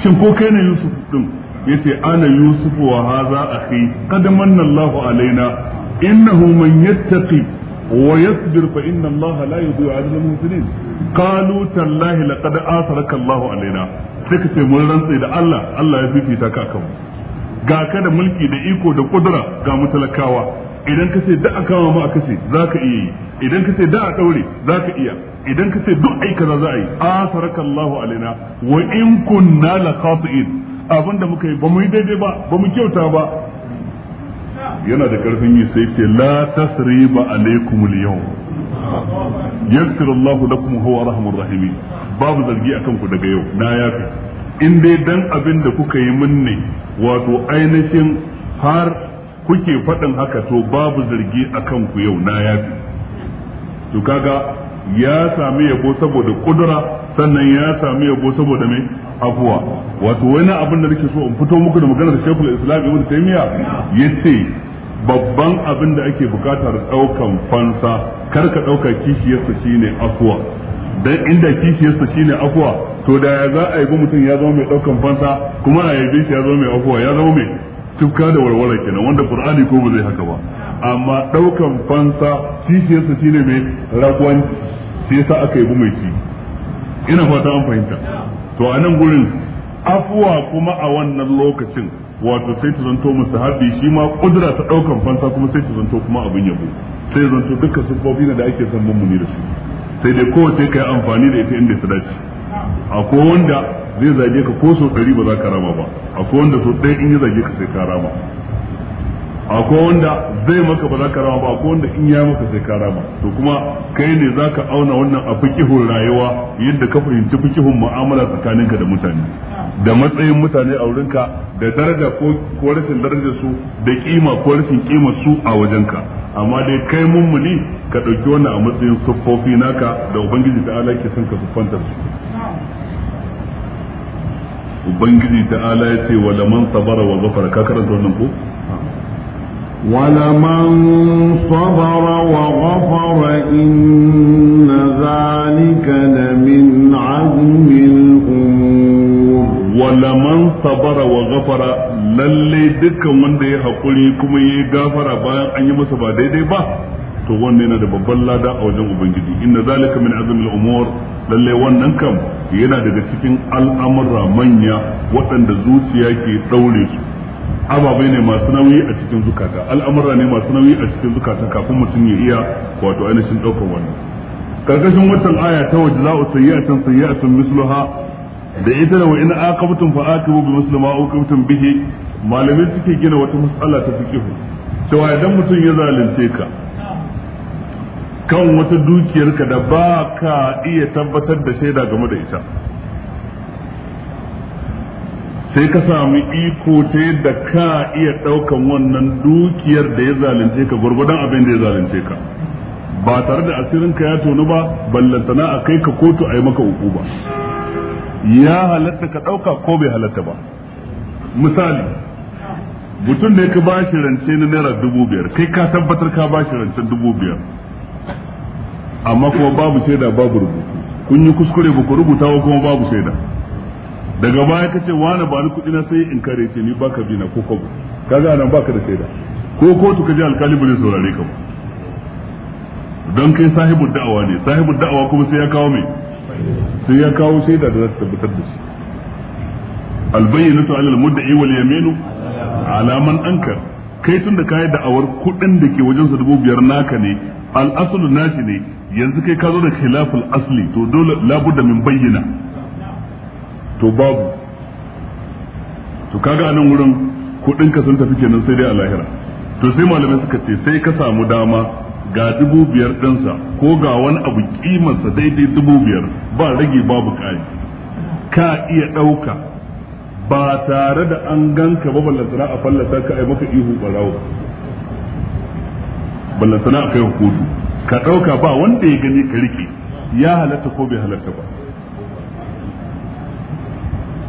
shin ko kai ne yusuf din Ya ce ana yusuf wa haza akhi qad manna alaina innahu man yattaqi ويصبر فإن الله لا يضيع أجر المحسنين قالوا تالله لقد آثرك الله علينا suka ce mun rantsa da Allah Allah ya fifita ka akan ga ka da mulki da iko da kudura ga mutalakawa idan ka ce da a kama ma aka ce za ka iya yi idan ka ce da a daure za ka iya idan ka ce duk aika za a yi asaraka Allahu alaina wa in kunna la khati'in abinda muka yi ba mu yi daidai ba ba mu kyauta ba yana da ƙarfin yi sai ce la tasriba alaikum al-yawm yaghfir Allah lakum huwa arhamur rahimi babu zargi akan ku daga yau na yafi in dai dan abin da kuka yi min ne wato ainihin har kuke faɗin haka to babu zargi akan ku yau na yafi to kaga ya sami yabo saboda kudura sannan ya sami yabo saboda mai afuwa wato wani abin da nake so in fito muku da maganar Sheikhul Islam Ibn Taymiyyah yace babban abin da ake bukatar daukan fansa kar ka dauka kishiyarsa shine afuwa dan inda kishiyarsa shine afuwa to da ya za a yi mutum ya zama mai daukan fansa kuma a yi ya zama mai afuwa ya zama mai tufka da warware kenan wanda qur'ani ko ba zai haka ba amma daukan fansa kishiyarsa shine mai rakwan sai yasa aka yi mai shi ina fata an fahimta to a nan gurin afuwa kuma a wannan lokacin wato sai ta zanto haɗi shi ma kudura ta ɗaukan fansa kuma sai ta zanto kuma abin yabo sai zanto duka sufofi ne da ake son muni da su sai dai kowace kai amfani da ita inda ta dace akwai wanda zai zage ka ko sau ɗari ba za ka rama ba akwai wanda sau ɗaya in ya zage ka sai ka rama akwai wanda zai maka ba za ka rama ba akwai wanda in ya maka sai ka rama to kuma kai ne za ka auna wannan a fikihun rayuwa yadda ka fahimci fikihun mu'amala tsakaninka da mutane da matsayin mutane a wurinka da daraja ko darajar su da kima ko rashin kima su a wajenka amma dai kai mummuni ka ɗauki wannan a matsayin siffofi naka da ubangiji ta ala ke son ka siffanta su ubangiji ala ya ce wa laman sabara wa zafara ka karanta wannan ko ولمن صبر وغفر إن ذلك لمن عزم الأمور ولمن صبر وغفر للي دكا من دي حقولي كما يغفر بايان أن يمسى بعدي دي با to wannan yana da babban lada a wajen ubangiji inna zalika min azmil wannan kam yana daga cikin al'amura manya waɗanda zuciya ke daure su ababai ne masu nauyi a cikin zukata al'amura ne masu nauyi a cikin zukata kafin mutum ya iya wato ainihin ɗaukar wannan karkashin watan aya ta waje za a can a can misluha da ita da wa aka aqabtum fa aqibu bi muslima aqabtum bihi malamai suke gina wata matsala ta fiqh cewa idan mutum ya zalunce ka kan wata dukiyarka da ba ka iya tabbatar da shaida game da ita sai ka sami iko ta yadda ka iya ɗaukan wannan dukiyar da ya zalunce ka gwargwadon abin da ya zalunce ka ba tare da ka ya tonu ba ballantana a kai ka kotu a yi maka uku ba ya halatta ka ɗauka ko bai halatta ba misali mutum ne ka ba shi rance na naira dubu biyar kai ka tabbatar ka ba shi rancen dubu biyar amma kuma babu shaida babu rubutu kun yi kuskure ba ku rubuta ba kuma babu shaida daga baya ka ce wani ba ni kuɗi na sai in kare ce ni baka bi na ko kwabo ga nan baka da shaida ko kotu ka ji alkali ba zai saurare ka ba don kai sahibin da'awa ne sahibin da'awa kuma sai ya kawo mai sai ya kawo shaida da za ta tabbatar da shi albayyanatu alal mudda'i wal yaminu ala man ankar kai tun da kayi da'awar kuɗin da ke wajen sa dubu biyar naka ne al aslu nashi ne yanzu kai ka zo da khilaful asli to dole labudda min bayyana to babu to kaga anan wurin kudin ka sun tafi kenan sai dai a lahira to sai malamai suka ce sai ka samu dama ga dubu biyar ɗinsa ko ga wani abu kimarsa daidai dubu biyar ba rage babu kai ka iya ɗauka ba tare da an ganka ba ballantana a fallasa ka ai maka ihu ɓarawo ballantana a kai hukutu ka ɗauka ba wanda ya gani ka rike ya halatta ko bai halatta ba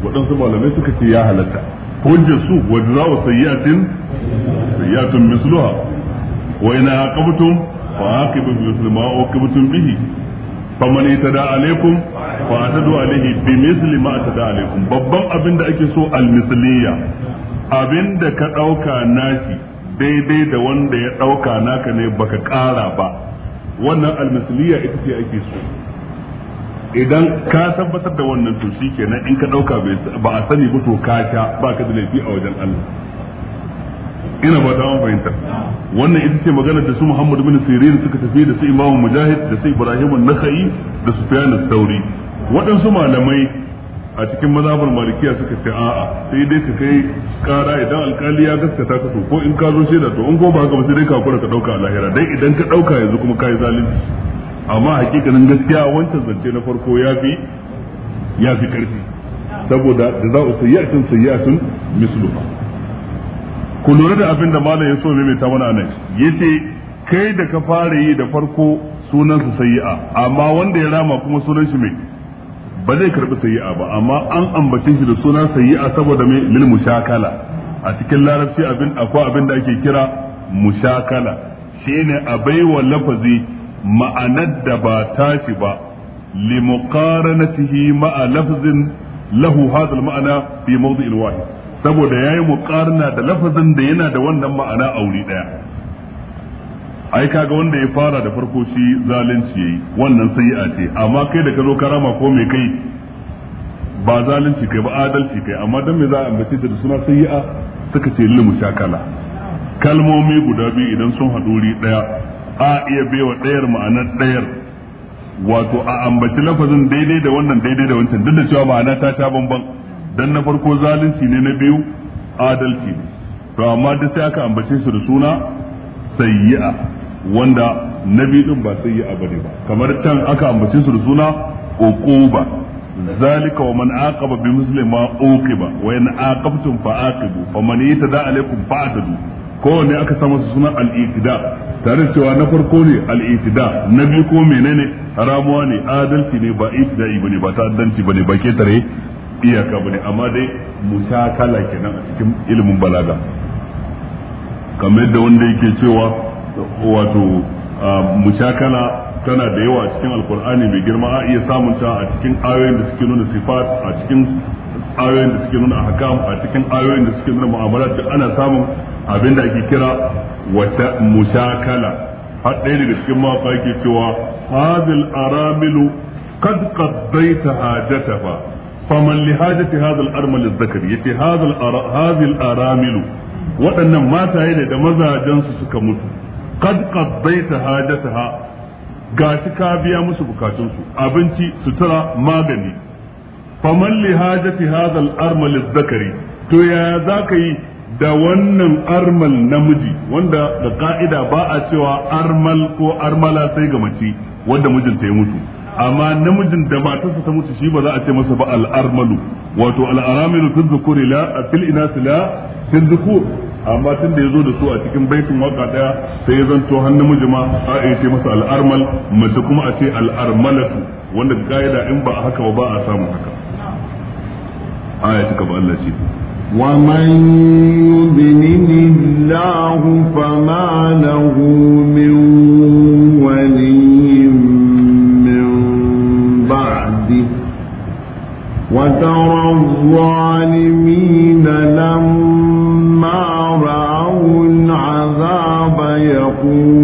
waɗansu malamai suka ce ya halatta hujjar su wa jazaa'u sayyatin sayyi'atun misluha wa in aqabtum fa aqibu bi misli wa uqibtum bihi Fa man itada alaikum fa atadu alaihi bi misli ma atada alaikum babban abin da ake so al misliya abin da ka dauka nashi daidai da wanda ya dauka naka ne baka kara ba wannan al misliya ita ce ake so idan ka tabbatar da wannan to kenan in ka dauka ba a sani ba to ka ta ba ka da laifi a wajen Allah ina ba ta fahimta wannan ita ce magana da su Muhammad bin Sirin suka tafi da su Imam Mujahid da su Ibrahim an-Nakhai da Sufyan al-Thawri waɗansu malamai a cikin mazhabar malikiya suka ce a'a sai dai ka kai kara idan alkali ya gaskata ka to ko in ka zo da to in ko ba haka ba sai dai ka kura ka dauka a lahira dai idan ka dauka yanzu kuma kai zalunci amma hakikanin gaskiya wancan zance na farko ya fi ya fi karfi saboda da za a a cin misluha ku lura da abin da malam ya so maimaita mana nan yace kai da ka fara yi da farko sunan su sayyi'a amma wanda ya rama kuma sunan shi mai ba zai karbi sayyi'a ba amma an ambace shi da sunan sayyi'a saboda mai lil mushakala a cikin larabci abin akwai abin da ake kira mushakala shine a baiwa lafazi ma'anar da ba tashi ba li muqaranatihi ma'a lafzin lahu hadha al-ma'na fi mawdi' al-wahid saboda yayi muqarna da lafazin da yana da wannan ma'ana a wuri daya ai kaga wanda ya fara da farko shi zalunci yayi wannan sayi'a ce amma kai da ka zo karama ko mai kai ba zalunci kai ba adalci kai amma dan me za a ambace da suna sayi'a suka ce lil mushakala kalmomi guda biyu idan sun haɗu wuri daya a iya baiwa ɗayar ma'anar ɗayar wato a ambaci lafazin daidai da wannan daidai da wancan duk da cewa ma'ana ta sha bamban dan na farko zalunci ne na biyu adalci ne to amma duk sai aka ambace su da suna sayyi'a wanda na biyu din ba sayyi'a ne ba kamar can aka ambace su da suna uquba ذلك ومن عاقب Wa ما عوقب وإن عاقبتم فعاقبوا فمن يتدا عليكم فاعتدوا kowanne aka sa su suna al tare cewa na farko ne al na biyu ko menene ramuwa ne adalci ne ba itida'i bane ba ta bane ba ketare iyaka bane amma dai musakala kenan a cikin ilimin balaga kamar da wanda yake cewa wato musakala tana da yawa a cikin alkur'ani mai girma a iya samun ta a cikin ayoyin da suke nuna sifat a cikin ayoyin da suke nuna ahkam a cikin ayoyin da suke nuna mu'amala duk ana samun abin da ake kira wata mushakala har ɗaya daga cikin mawaƙa yake cewa hadil aramilu qad qaddaita hajataha faman li hajati hadal armal zakari yace hadal hadil aramilu waɗannan mataye ne da mazajen su suka mutu qad qaddaita hajataha Gashi ka biya musu bukatunsu abinci sutura magani faman li hajati hadha al-armal zakari to ya zaka yi da wannan armal namiji wanda da ka'ida ba a cewa armal ko armala sai ga mace wanda ta ya mutu amma namijin da matarsa ta mutu shi ba za a ce masa ba al'armalu wato al'aramilu tun zukuri la fil inasi la tun zukur amma tun da ya zo da su a cikin baitin waka daya sai ya zanto har namiji ma a ya ce masa al'armal mace kuma a ce al'armalatu wanda ka'ida in ba haka ba ba a samu haka آية ta الله Allah ومن يضلل الله فما له من ولي من بعده وترى الظالمين لما رأوا العذاب يقول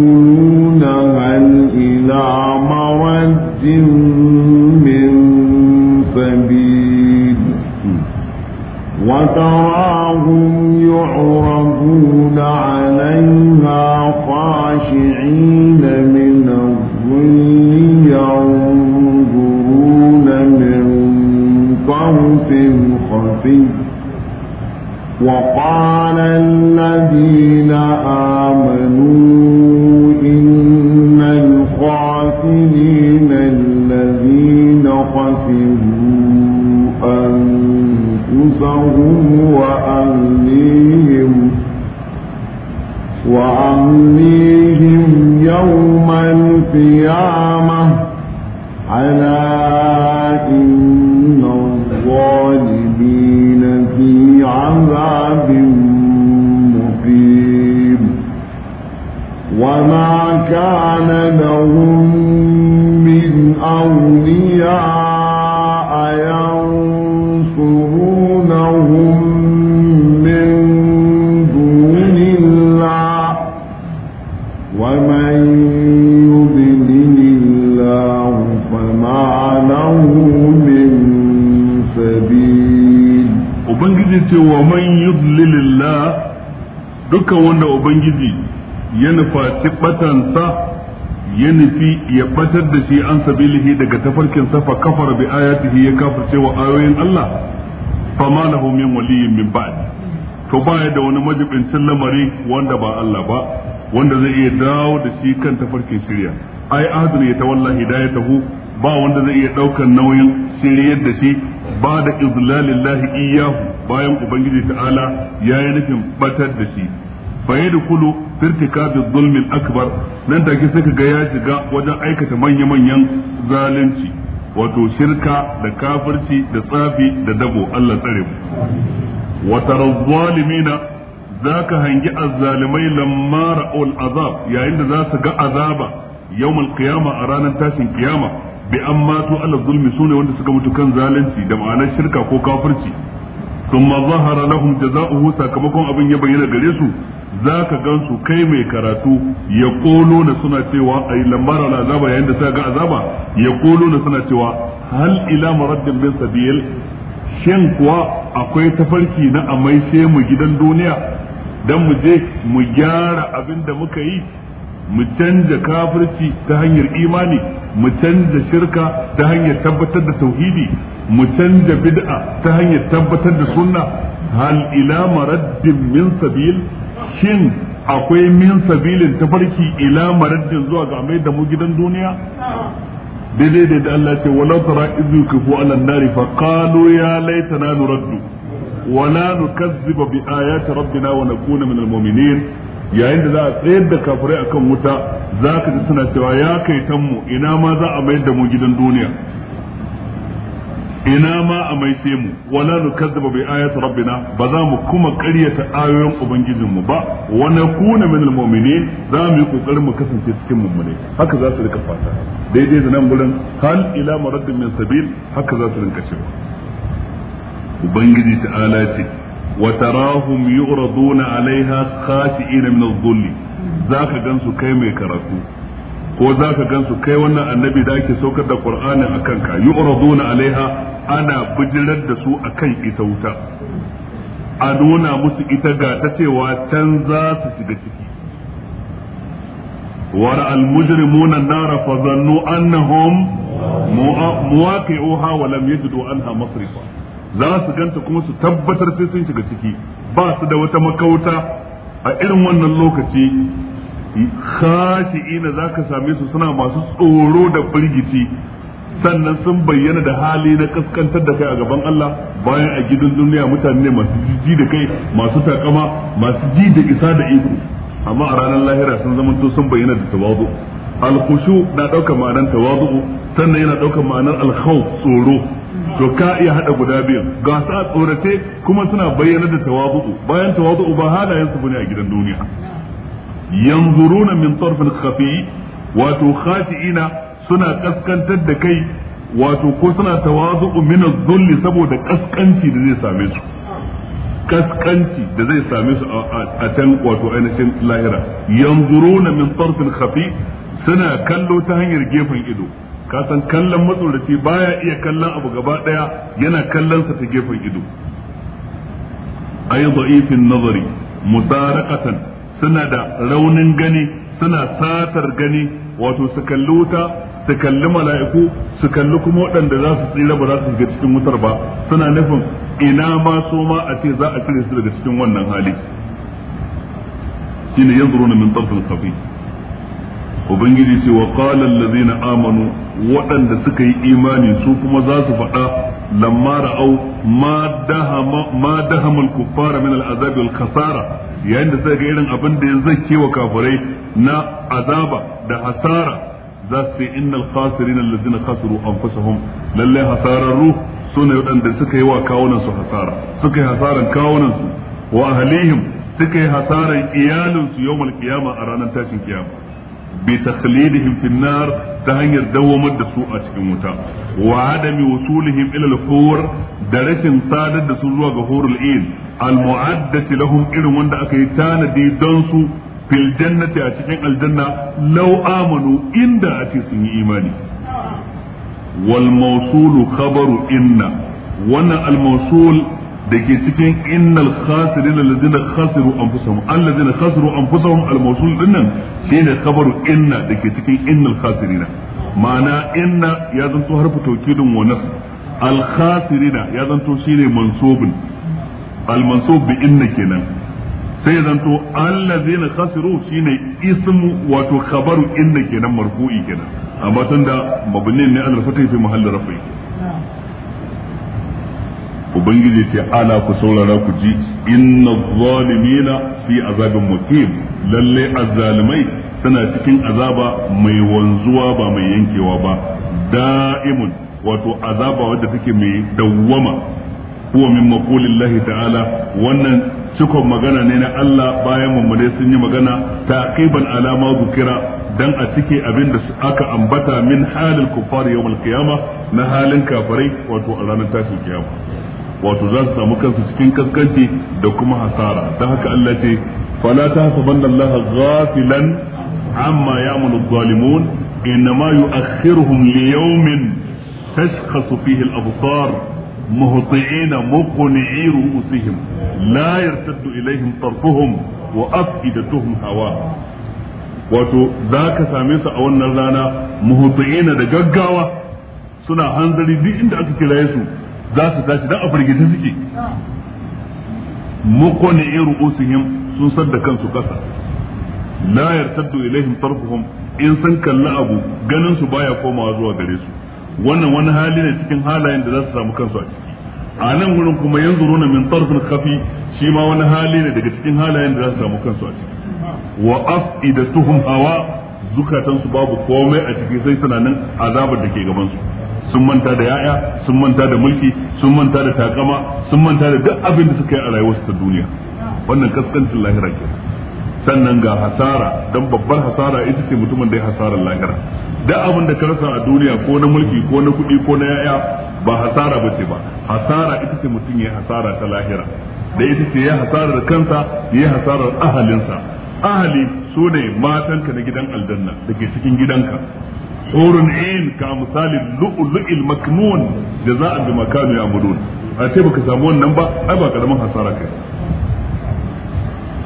وتراهم يعرضون عليها خاشعين من الظل ينظرون من فوقهم خفي وقال الذين آمنوا أنفسهم وأهليهم وأهليهم يوم القيامة على إن الظالمين في عذاب مقيم وما كان لهم من أولياء dukkan wanda ubangiji ya nufaci batansa ya nufi ya batar da shi an sabilihi daga tafarkin safa kafara bi ayatihi ya kafirce wa ayoyin Allah fama lahu min waliyyin min ba'd to baya da wani majibincin lamari wanda ba Allah ba wanda zai iya dawo da shi kan tafarkin shirya ai ahadun ya tawalla hidayatahu ba wanda zai iya daukan nauyin shiryar da shi ba da izlalillahi iyahu bayan ubangiji ta'ala ya yi nufin batar da shi fa da kulu firtika bi zulmin akbar nan take sai ka ga ya shiga wajen aikata manya-manyan zalunci wato shirka da kafirci da tsafi da dabo Allah tsare mu wa tarazzalimina zaka hangi azzalimai lamma ra'ul azab yayin da za su ga azaba yawmal qiyama a ranar tashin kiyama bi an matu ala zulmi su ne wanda suka mutu kan zalunci da ma'anar shirka ko kafirci ma zahara lahum jazaohu sakamakon abin ya bayyana gare su zaka gansu kai mai karatu ya kolo na suna cewa ai lambara la azaba yayin da suka ga azaba ya kolo na suna cewa hal ila maraddin bin sabil shin kuwa akwai tafarki na amaishe mu gidan duniya dan mu je mu gyara abin da muka yi mu canza kafirci ta hanyar imani mu canza shirka ta hanyar tabbatar da tauhidi mu canza bid'a ta hanyar tabbatar da sunna hal ila maraddin min sabil shin akwai min sabilin tafarki ila maraddin zuwa ga mai da mu gidan duniya daidai da Allah ce walau tara izu kufu ala nari fa qalu ya laitana nuraddu wala nukazziba bi ayati rabbina wa nakuna minal mu'minin yayin da za a tsayar da kafirai akan wuta za ka ji suna cewa ya kai mu ina ma za a mayar da mu gidan duniya ina ma a mai sai mu wala nukazzaba bi ayati rabbina ba za mu kuma karyata ayoyin mu ba wa kuna min almu'minin za mu yi kokarin mu kasance cikin mummune haka za su rika fata daidai da nan gurin hal ila maraddin min sabil haka za su rinka cewa ubangiji ta'ala ce وتراهم يغرضون عليها خاشئين من الظل ذاك gansu kai mai karatu ko za ka gansu kai wannan annabi da ake saukar da qur'anin kanka. ka yu'raduna alaiha ana bijirar da su akan ita wuta a nuna musu ita ga ta cewa can za su shiga ciki wara al-mujrimuna an-nara fa zannu annahum muwaqi'uha wa lam yajidu anha masrifa za su ganta kuma su tabbatar sai sun shiga ciki ba su da wata makauta a irin wannan lokaci Ina za ka same su suna masu tsoro da firgici sannan sun bayyana da hali na kaskantar da kai a gaban Allah bayan a gidan duniya mutane masu jiji da kai masu takama masu ji da isa da iko amma a ranar lahira sun zama to sun bayyana da tawazu al-khushu na daukar ma'anar tawazu sannan yana daukar ma'anar al-khawf tsoro to ka iya hada guda biyan ga su a tsorace kuma suna bayyana da tawabu'u bayan tawabu'u ba halayen su bane a gidan duniya yanzuruna min tarfin khafi wato khashi'ina suna kaskantar da kai wato ko suna tawazu'u min az-zulli saboda kaskanci da zai same su kaskanci da zai same su a can wato ainihin lahira yanzuruna min tarfin khafi suna kallo ta hanyar gefen ido ka san kallon matsoraci baya iya kallon abu gaba daya yana kallon sa ta gefen ido ay da'ifin nazari musarakatan suna da raunin gani suna satar gani wato su kalli wuta su kalli mala'iku su kalli kuma waɗanda za su tsira ba za su shiga cikin wutar ba suna nufin ina ma so ma a ce za a cire su daga cikin wannan hali shine yanzuruna min tarfin safi ubangiji ce wa qala allazina amanu waɗanda suka yi imani su kuma za su faɗa lamma ra'au ma dahama ma dahama kuffara min al-azab wal-khasara yayin da suka ga irin abin da yanzu ke wa kafirai na azaba da hasara za su ce innal khasirin allazina khasaru anfusahum lalle hasararru sune waɗanda suka yi wa kawunan su hasara suka yi hasaran kawunan su wa ahlihim suka yi hasaran iyalin su yawmal qiyama a ranar tashin kiyama bi takhlidihim fi nar ta hanyar dawamar da su a cikin wuta wa adami wusulihim ila al-hur da rashin sadar da su zuwa ga hurul in al-mu'addati lahum irin wanda aka yi tanadi don su fil jannati a cikin aljanna law amanu inda ake sun yi imani wal mawsulu khabaru inna wannan al-mawsul da ke cikin innal khasirin alladhina khasiru anfusahum alladhina khasiru anfusahum al-mawsul dinnan shine khabaru inna da ke cikin innal khasirina ma'ana inna ya zanto harfu tawkidin wa nasb al-khasirina ya zanto shine mansubun al-mansub bi inna kenan sai ya zanto alladhina khasiru shine ismu wato khabaru inna kenan marfu'i kenan amma tunda mabni ne al-fatih fi mahalli rafi' ubangiji ce ala ku saurara ku ji inna zalimina fi azabin muqim lalle azzalimai suna cikin azaba mai wanzuwa ba mai yankewa ba da'imun wato azaba wadda take mai dawwama huwa min lahi ta'ala wannan cikon magana ne na Allah bayan mummune sun yi magana taqiban alama zukira dan a cike abin da aka ambata min halil kuffar yawmal qiyamah na halin kafirai wato a ranar tashin kiyama wato za su samu kansu cikin kaskanci da kuma hasara ta haka Allah ce fala ta hasabanna Allah ghafilan amma ya'malu zalimun innama yu'akhiruhum li yawmin tashkhasu fihi al-absar مهطعين مقنعي رؤوسهم لا يرتد إليهم طرفهم وأفئدتهم هواء wato za ka same su a wannan rana muhutu'ina da gaggawa suna hanzari duk inda aka kira su za su tashi dan a firgita suke muqani yin sun san da kansu kasa la yartaddu ilaihim tarfuhum in san kalli abu ganin su baya komawa zuwa gare su wannan wani hali ne cikin halayen da za su samu kansu a ciki a nan wurin kuma yanzuruna min tarfin kafi shi ma wani hali ne daga cikin halayen da za su samu kansu a ciki wa afidatuhum hawa zukatansu babu komai a ciki sai tunanin azabar da ke gabansu. sun manta da yaya sun manta da mulki sun manta da takama sun manta da duk abin da suka yi a rayuwarsu ta duniya wannan kaskancin lahira ke sannan ga hasara don babbar hasara ita ce mutumin da ya hasara lahira duk abin da ka rasa a duniya ko na mulki ko na kuɗi ko na yaya ba hasara ba ce ba hasara ita ce mutum ya hasara ta lahira da ita ce ya hasarar kansa ya hasarar ahalinsa ahali su ne matanka na gidan aljanna da ke cikin gidanka hurun ain ka misali lu'lu'il maknun jaza'an bi kanu ya'malun a ce baka samu wannan ba ai ba hasara kai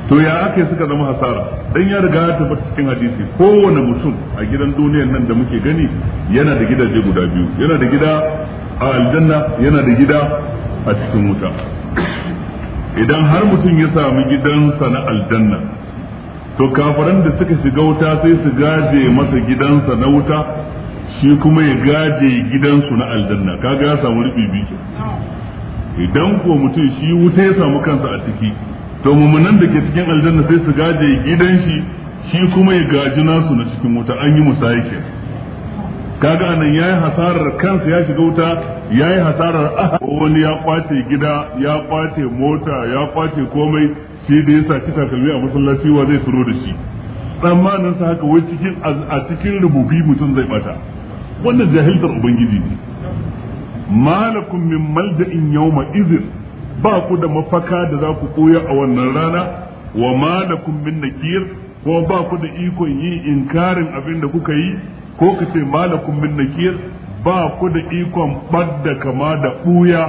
to ya ake suka zama hasara dan ya riga ya tabbata cikin hadisi kowane mutum a gidan duniyar nan da muke gani yana da gidaje guda biyu yana da gida a aljanna yana da gida a cikin wuta idan har mutum ya samu gidansa na aljanna to kafaran da suka shiga wuta sai su gaje masa gidansa na wuta shi kuma ya gaje gidansu na aljanna kaga ya samu rubi biyu idan ko mutum shi wuta ya samu kansa a ciki to mumunan da ke cikin aljanna sai su gaje gidan shi shi kuma ya gaji nasu na cikin wuta an yi musayi ke kaga anan yayi hasarar kansa ya shiga wuta yayi hasarar wani ya kwace gida ya kwace mota ya kwace komai shi da ya saci takalmi a masallaci wa zai turo da shi tsammanin sa haka wai cikin a cikin rububi mutum zai bata wannan jahiltar ubangiji ne malakum min malda'in yawma izin ba ku da mafaka da za ku koya a wannan rana wa malakum min nakir ko ba ku da ikon yi inkarin abin da kuka yi ko ka ce malakum min nakir ba ku da ikon badda kama da buya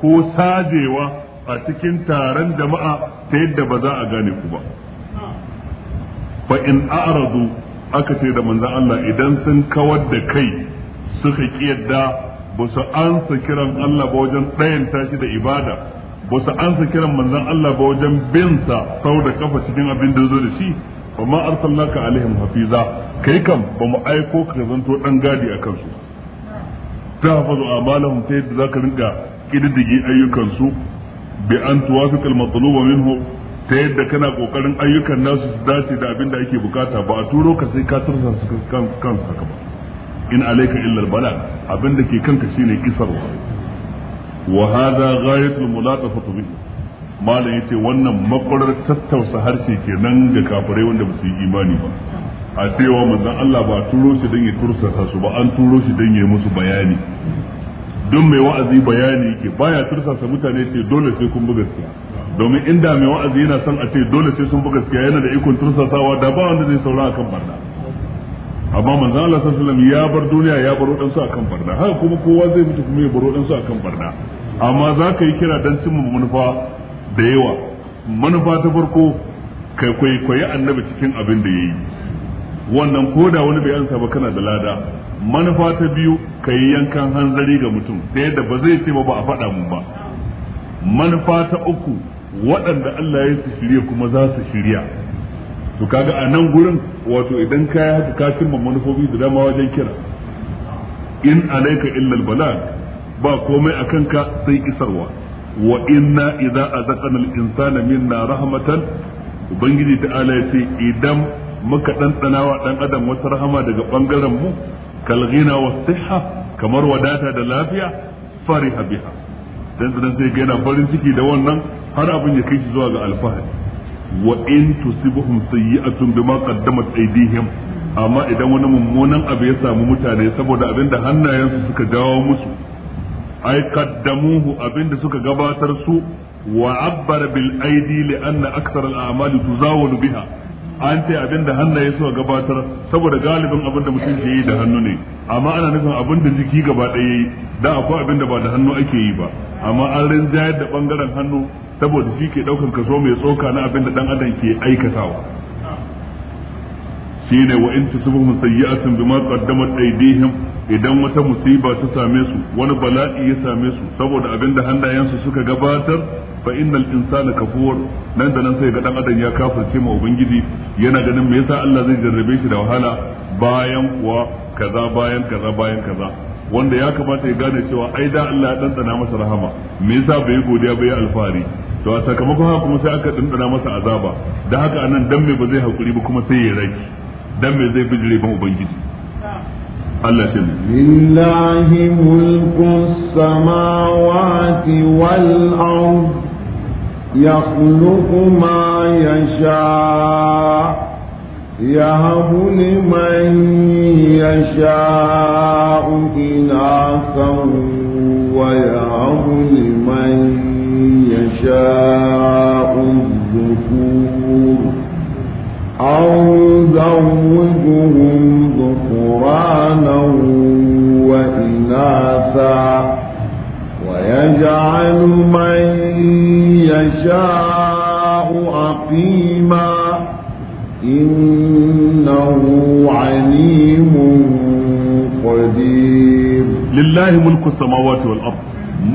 ko sajewa a cikin taron jama'a ta yadda ba za a gane ku ba fa in a'radu aka ce da manzon Allah idan sun kawar da kai suka kiyarda ba su ansa kiran Allah ba wajen ɗayan tashi da ibada ba su ansa kiran manzon Allah ba wajen bin sa sau da kafa cikin abin da zo da shi fa ma arsalnaka alaihim hafiza kai kam ba mu aiko ka zanto dan gadi akan su ta hafazu amalahum ta yadda zaka rinka kididdige ayyukan su bi an tuwafiq al-matluba minhu ta yadda kana kokarin ayyukan nasu su dace da abin da ake bukata ba a turo ka sai ka tursa su kansu haka ba in alayka illa al-bala abin da ke kanka shine kisarwa wa hadha ghayatul mulatafati bihi malam yace wannan makwarar tattausa harshe kenan ga kafirai wanda ba su yi imani ba a cewa manzon Allah ba turo shi dan ya tursa su ba an turo shi dan ya musu bayani don mai wa'azi bayani yake baya tursasa mutane ce dole sai kun bi gaskiya domin inda mai wa'azi yana son a ce dole sai sun bi gaskiya yana da ikon tursasawa da ba wanda zai saura akan barna amma manzon Allah sallallahu alaihi ya bar duniya ya baro dan su akan barna haka kuma kowa zai mutu kuma ya baro dan su akan barna amma za ka yi kira dan cin manufa da yawa manufa ta farko kai kai annabi cikin abin da yayi wannan koda wani bai ansa ba kana da lada manufa ta biyu ka yi yankan hanzari ga mutum ta yadda ba zai ce ba ba a faɗa mu ba manufa ta uku waɗanda Allah ya su shirya kuma za su shirya to kaga a nan gurin wato idan ka yi haka ka cimma manufofi da dama wajen kira in alaika illal balag ba komai a kanka sai isarwa wa inna idza azaqana al-insana minna rahmatan ubangiji ta'ala ya ce idan muka dan wa dan adam wata rahama daga bangaren mu kalghina wa sihha kamar wadata da lafiya fariha biha dan dan sai ga yana farin ciki da wannan har abin ya kai shi zuwa ga alfahari wa in tusibuhum sayyi'atun bima qaddamat aydihim amma idan wani mummunan abu ya samu mutane saboda abinda da hannayensu suka jawo musu ai qaddamuhu abin da suka gabatar su wa abbara bil aidi li anna aktsara al a'mali tuzawalu biha an ce abin da hannaye suka gabatar saboda galibin abin da mutum ke yi da hannu ne amma ana nufin abin da jiki gaba ɗaya yi da akwai abin da ba da hannu ake yi ba amma an rinjayar da bangaren hannu saboda shi ke ɗaukar kaso mai tsoka na abin da ɗan adam ke aikatawa Shi ne wa in a sayyi'atun bima ƙaddamar aydihim idan wata musiba ta same su wani bala'i ya same su saboda abin da hannayensu suka gabatar fa innal insana kafur nan da nan sai ga dan adam ya kafirce ma ubangiji yana ganin me yasa Allah zai jarrabe shi da wahala bayan kuwa kaza bayan kaza bayan kaza wanda ya kamata ya gane cewa ai da Allah ya dandana masa rahama me yasa bai godiya bai alfahari to a sakamakon haka kuma sai aka dandana masa azaba da haka anan dan me ba zai hakuri ba kuma sai ya raki dan me zai bijire ban ubangiji Allah shi lillahi mulku samawati wal ardh يخلق ما يشاء يهب لمن يشاء إناثا ويهب لمن يشاء الذكور أو يزوجهم ذكرانا وإناثا يجعل من يشاء عقيما إنه عليم قدير لله ملك السماوات والأرض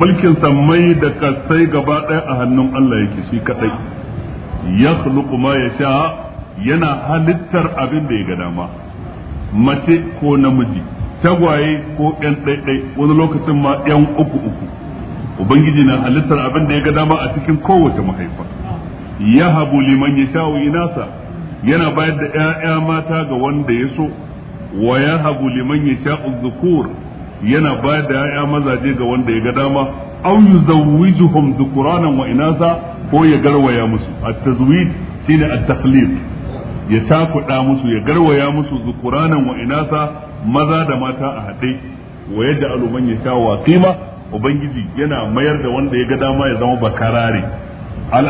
mulkin sammai da kasai gaba ɗaya a hannun Allah yake shi kadai ya ma ya sha yana halittar abin da ya ga dama mace ko namiji tagwaye ko ƴan ɗaiɗai wani lokacin ma ƴan uku uku ubangiji na halittar abin da ya ga dama a cikin kowace mahaifa habu liman ya yasha'u inasa yana bayar da yaya mata ga wanda ya so wa ya habu liman ya sha zukur yana bayar da ‘ya’ya mazaje ga wanda ya ga dama zauwi yuzawwijuhum zukuranan wa inasa ko ya garwaya musu a tazwi shi ne a taklif ya takuɗa musu ya garwaya musu zukuranan wa inasa maza da mata a haɗe wa yadda aluman wa kima ubangiji yana mayar da wanda ya ga dama ya zama bakarare al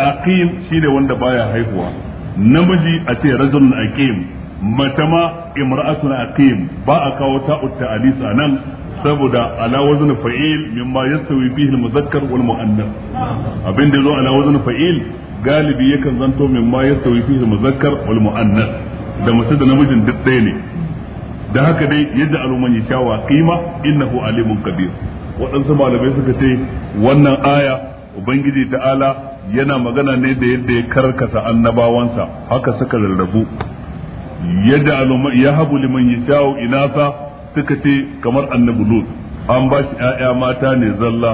shine wanda baya haihuwa namiji a ce rajulun aqim mata ma imra'atun aqim ba a kawo ta'ut ta'alis nan saboda ala wazn fa'il mimma yastawi bihi al-muzakkar wal mu'annath abin da zo ala wazn fa'il galibi yakan zanto mimma yastawi fihi al-muzakkar wal mu'annath da mace da namijin duk ɗaya ne da haka dai yadda al'umman ya sha wa qima innahu alimun kabir waɗansu malamai suka ce wannan aya ubangiji ta'ala yana magana ne da yadda ya karkata annabawansa haka suka rarrabu yadda ya habu liman shawo inasa suka ce kamar annabi lut an ba shi mata ne zalla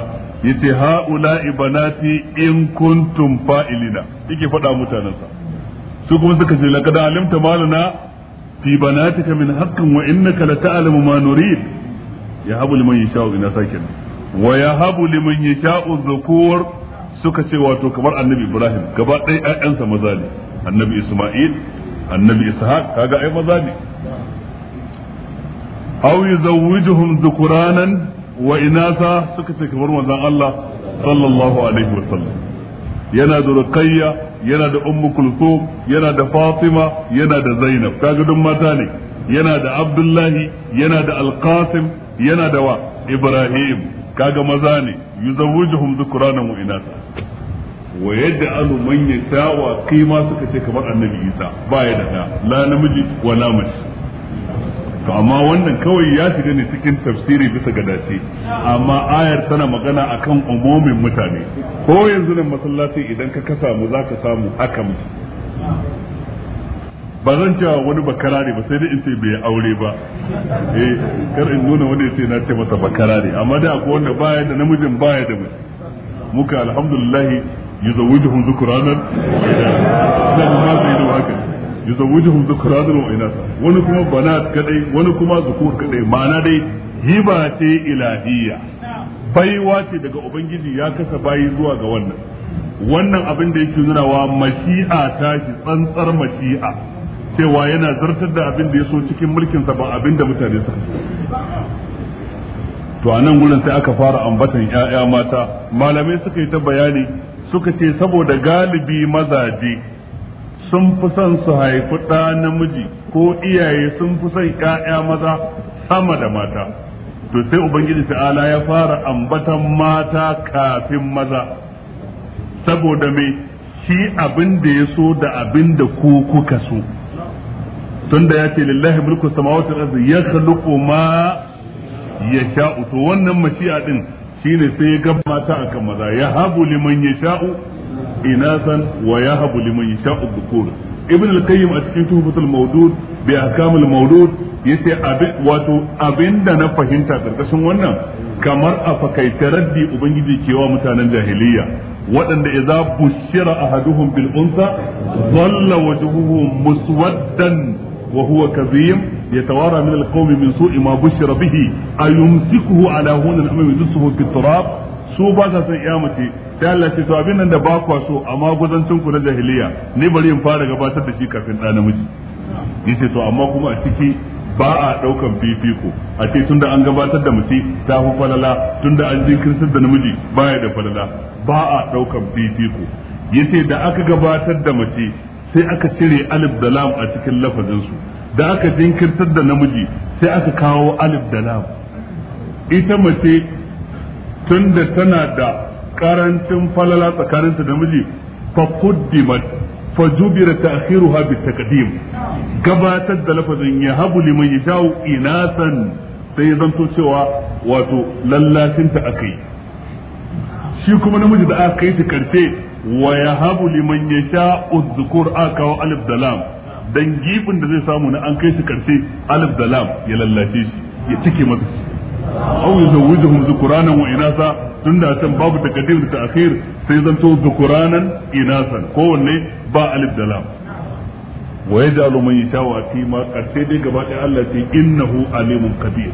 yace haula ibanati in kuntum fa'ilina yake faɗa mutanensa su kuma suka ce lakada alimta malana fi banatika min haqqin wa ka la ta'lamu ma nurid ya habu liman yasha'u ina sakin wa ya habu liman yasha'u dhukur suka ce wato kamar annabi ibrahim gaba ɗaya ƴaƴansa maza ne annabi isma'il annabi ishaq kaga ai maza ne aw yuzawwijuhum dhukuranan wa inasa suka ce kamar manzon Allah sallallahu alaihi wa sallam yana da ruqayya yana da ummu kulthum yana da fatima yana da zainab kaga duk mata ne yana da abdullahi yana da alqasim yana da wa ibrahim kaga maza ne yuzawwijuhum dhukranan wa mu'inata. wa yaj'alu man yasha kai kima suka ce kamar annabi isa ba ya da la namiji wa la mace to amma wannan kawai ya shiga ne cikin tafsiri bisa ga dace amma ayar tana magana akan umumin mutane ko yanzu nan masallaci idan ka kasa mu zaka samu haka mutum ba zan cewa wani bakara ne ba sai dai in ce bai aure ba eh kar in nuna wani sai na ce masa bakara ne amma da akwai wanda baya da namijin baya da mace muka alhamdulillah yuzawijuhum dhukranan zan ma sai da haka yuzawijuhum dhukranan wa inasa wani kuma banat kadai wani kuma zukur kadai ma'ana dai hiba ce ilahiyya baiwa ce daga ubangiji ya kasa bayi zuwa ga wannan wannan abin da yake wa mashi'a ta shi tsantsar mashi'a cewa yana zartar da abin da ya so cikin mulkin sa, ba abin da mutane suka to a nan gurin sai aka fara ambatan 'ya'ya mata malamai suka yi ta bayani suka ce saboda galibi mazaje sun fi son su haifi ɗa namiji ko iyaye sun fi son 'ya'ya maza sama da mata to sai ubangiji ta'ala ya fara ambatan mata kafin maza saboda mai shi abin da ya so da abin da ku kuka so tunda ya ce lillahi mulku samawati wal ardi yakhluqu ma yasha'u to wannan mashi'a din shine sai ya gama ta akan maza ya habu liman yasha'u inasan wa ya habu liman yasha'u dhukur ibn al-qayyim a cikin tuhfatul mawdud bi ahkamul mawdud yace abin wato abinda na fahimta karkashin wannan kamar a fakaita raddi ubangiji cewa mutanen jahiliya waɗanda idza bushira ahaduhum bil unsa dhalla wajhuhu muswaddan وهو كظيم يتوارى من القوم من سوء ما بشر به أيمسكه على هون أم يدسه في التراب su ba sa son iya mace sai Allah ce to abin nan da ba kwa so amma gudancin ku na jahiliya ni bari in fara gabatar da shi kafin ɗa namiji yace to amma kuma a ciki ba a ɗaukan fifiko a ce tunda an gabatar da mace ta fi falala tunda an jinkirtar da namiji baya da falala ba a ɗaukan fifiko yace da aka gabatar da mace sai aka cire alif da lam a cikin lafazinsu da aka jinkirtar da namiji sai aka kawo alif da lam ita mace tunda tana da karancin falala tsakaninta da namiji fa quddimat fa jubira ta'khiruha bi taqdim gabatar da lafazin ya habu liman yashau inasan sai zanto cewa wato lallacinta akai shi kuma namiji da aka kai shi karshe wa yahabu liman yasha udhkur aka wa alif da dan gibin da zai samu na an kai shi karshe alif da lam ya lallace shi ya cike masa shi aw yuzawwijuhum dhukuranan wa inasa tunda can babu takaddim da ta'khir sai zanto dhukuranan inasan kowanne ba alif da lam wa yaj'alu man yasha fi ma karshe dai gaba ɗaya Allah ce innahu alimun kabir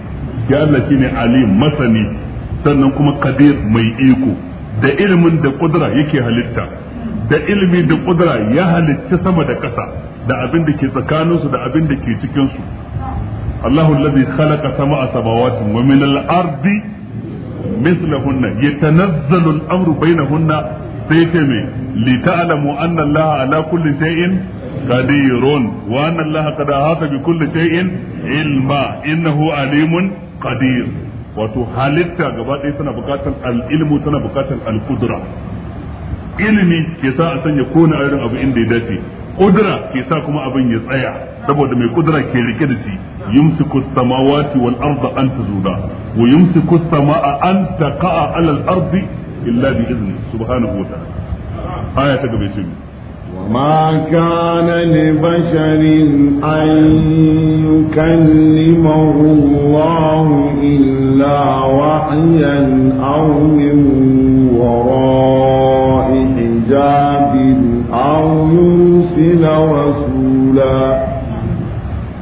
ya Allah shine alim masani sannan kuma kabir mai iko da ilimin da kudura yake halitta da ilimi da kudura ya halitta sama da ƙasa da abin da ke tsakaninsu da abin da ke cikinsu Allahu allazi khalaqa sama'a samawatin wa min al-ardi mislahunna yatanazzalu al-amru bainahunna sai ce me li ta'lamu anna Allah ala kulli shay'in qadirun wa anna Allah qad ahata bi kulli shay'in ilma innahu alimun qadir wato halitta gaba ɗaya tana bukatar al'ilmu tana bukatar al'kudura ilimi ke sa a sanya a irin abu inda ya dace kudura ke sa kuma abin ya tsaya saboda mai kudura ke rike da shi yumsiku samawati wal arda an tazuda wa kustama a an taqa'a alal ardi illa bi izini subhanahu wa ta'ala aya ta ce ما كان لبشر أن يكلمه الله إلا وحيا أو من وراء حجاب أو يرسل رسولا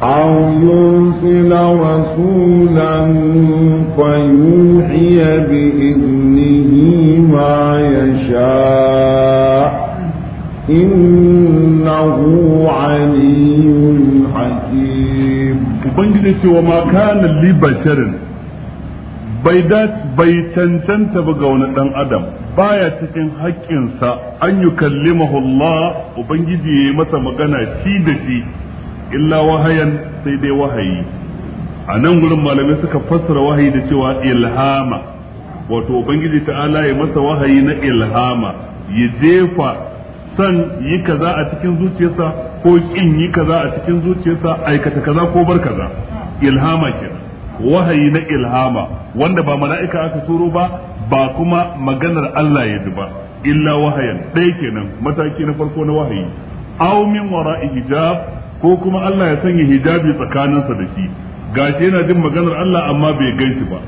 أو يرسل رسولا فيوحي بإذنه ما يشاء innahu aliyyun hakim ubangiji cewa ma bai bai cancanta ba ga wani dan adam baya cikin haƙƙinsa an yi kallimahu Allah ubangiji ya masa magana shi da shi illa wahayan sai dai wahayi a nan gurin malamai suka fassara wahayi da cewa ilhama wato ubangiji ta'ala ya masa wahayi na ilhama ya jefa son yi kaza a cikin zuciyarsa ko kin yi kaza a cikin zuciyarsa aikata kaza ko bar kaza ilhama kenan wahayi na ilhama wanda ba mala'ika aka turo ba ba kuma maganar Allah ya ba illa wahayan ɗaya kenan mataki na farko na wahayi aw min wara'i hijab ko kuma Allah ya sanya hijabi tsakaninsa da shi gashi yana jin maganar Allah amma bai gan shi ba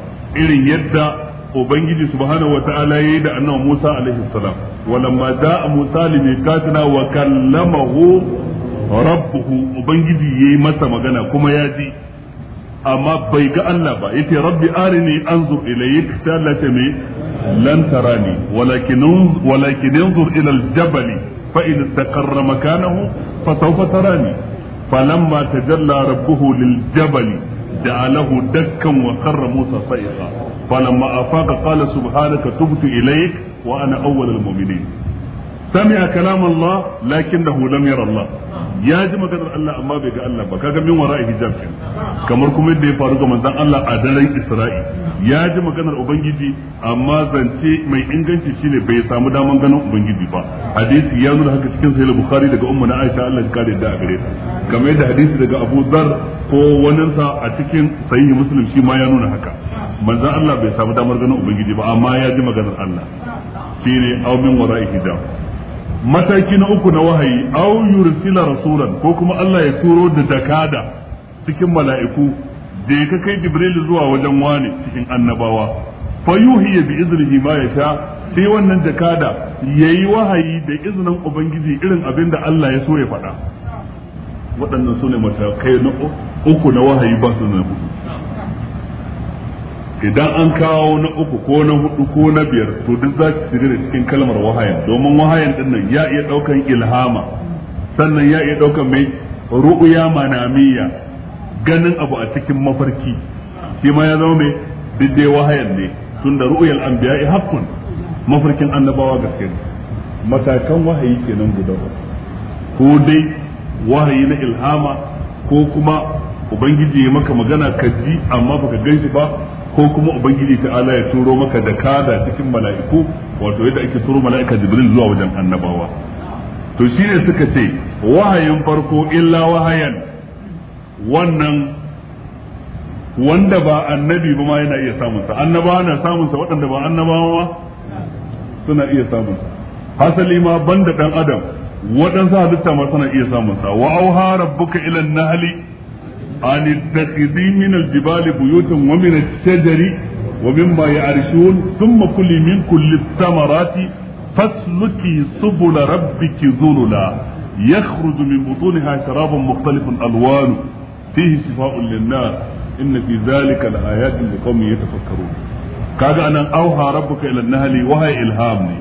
irin yadda ubangiji subhanahu wataala yayi da annabi Musa alaihi salam walamma jaa Musa limiqatina wa kallamahu rabbuhu ubangiji yayi masa magana kuma ya ji amma bai ga Allah ba yace rabbi arini anzur ilayk talata me lan tarani walakin walakin anzur ila aljabal fa in istaqarra makanahu fa sawfa tarani falamma tajalla rabbuhu liljabal ja'alahu dakkan wa kharra Musa sa'iqa falamma kala qala subhanaka tubtu ilaik wa ana awwalul mu'minin sami'a kalam Allah da lam yara Allah ya ji maganar Allah amma bai ga Allah ba kaga min wara'i hijab kin kamar kuma yadda ya faru ga manzon Allah a daren Isra'i ya ji maganar ubangiji amma zance mai inganci shine bai samu daman ganin ubangiji ba hadisi ya nuna haka cikin sahih bukhari daga ummu na Aisha Allah da a gare ta kamar yadda hadisi daga Abu Dharr ko sa a cikin sahih Muslim shi ma ya nuna haka manzon Allah bai samu damar ganin ubangiji ba amma ya ji maganar Allah shine au min wara'i hijab mataki na uku na wahayi aw yursila rasulan ko kuma Allah ya turo da dakada cikin mala'iku da ka kai jibril zuwa wajen wane cikin annabawa fa yuhi bi iznihi ma yasha sai wannan jakada yayi wahayi da iznin ubangiji irin abin da Allah ya so ya faɗa waɗannan sune ne matakai na uku na wahayi ba su na hudu idan an kawo na uku ko na hudu ko na biyar to duk za ki shiga cikin kalmar wahayan domin wahayan din nan ya iya daukan ilhama sannan ya iya daukan mai ru'uya manamiya ganin abu a cikin mafarki shi ma ya zama mai diddai wahayan ne tunda ru'uyal anbiya'i hakkun mafarkin annabawa gaske ne matakan wahayi kenan guda ko dai wahayi na ilhama ko kuma ubangiji ya maka magana ka ji amma baka gan shi ba ko kuma ubangiji Ala ya turo maka da kada cikin mala'iku wato yadda ake turo mala'ika jibril zuwa wajen annabawa to shine suka ce wahayin farko illa wahayan wannan wanda ba annabi ba ma yana iya samun sa annabawa na samun sa waɗanda ba annabawa suna iya samun sa hasali ma banda dan adam waɗansu halitta ma suna iya samun sa wa auha rabbuka ila nahli أن اتخذي من الجبال بيوتا ومن الشجر ومما يعرشون ثم كلي من كل الثمرات فاسلكي سبل ربك ذللا يخرج من بطونها شراب مختلف الألوان فيه شفاء للناس إن في ذلك لآيات لقوم يتفكرون قال أنا أوحى ربك إلى النهل وهي إلهامني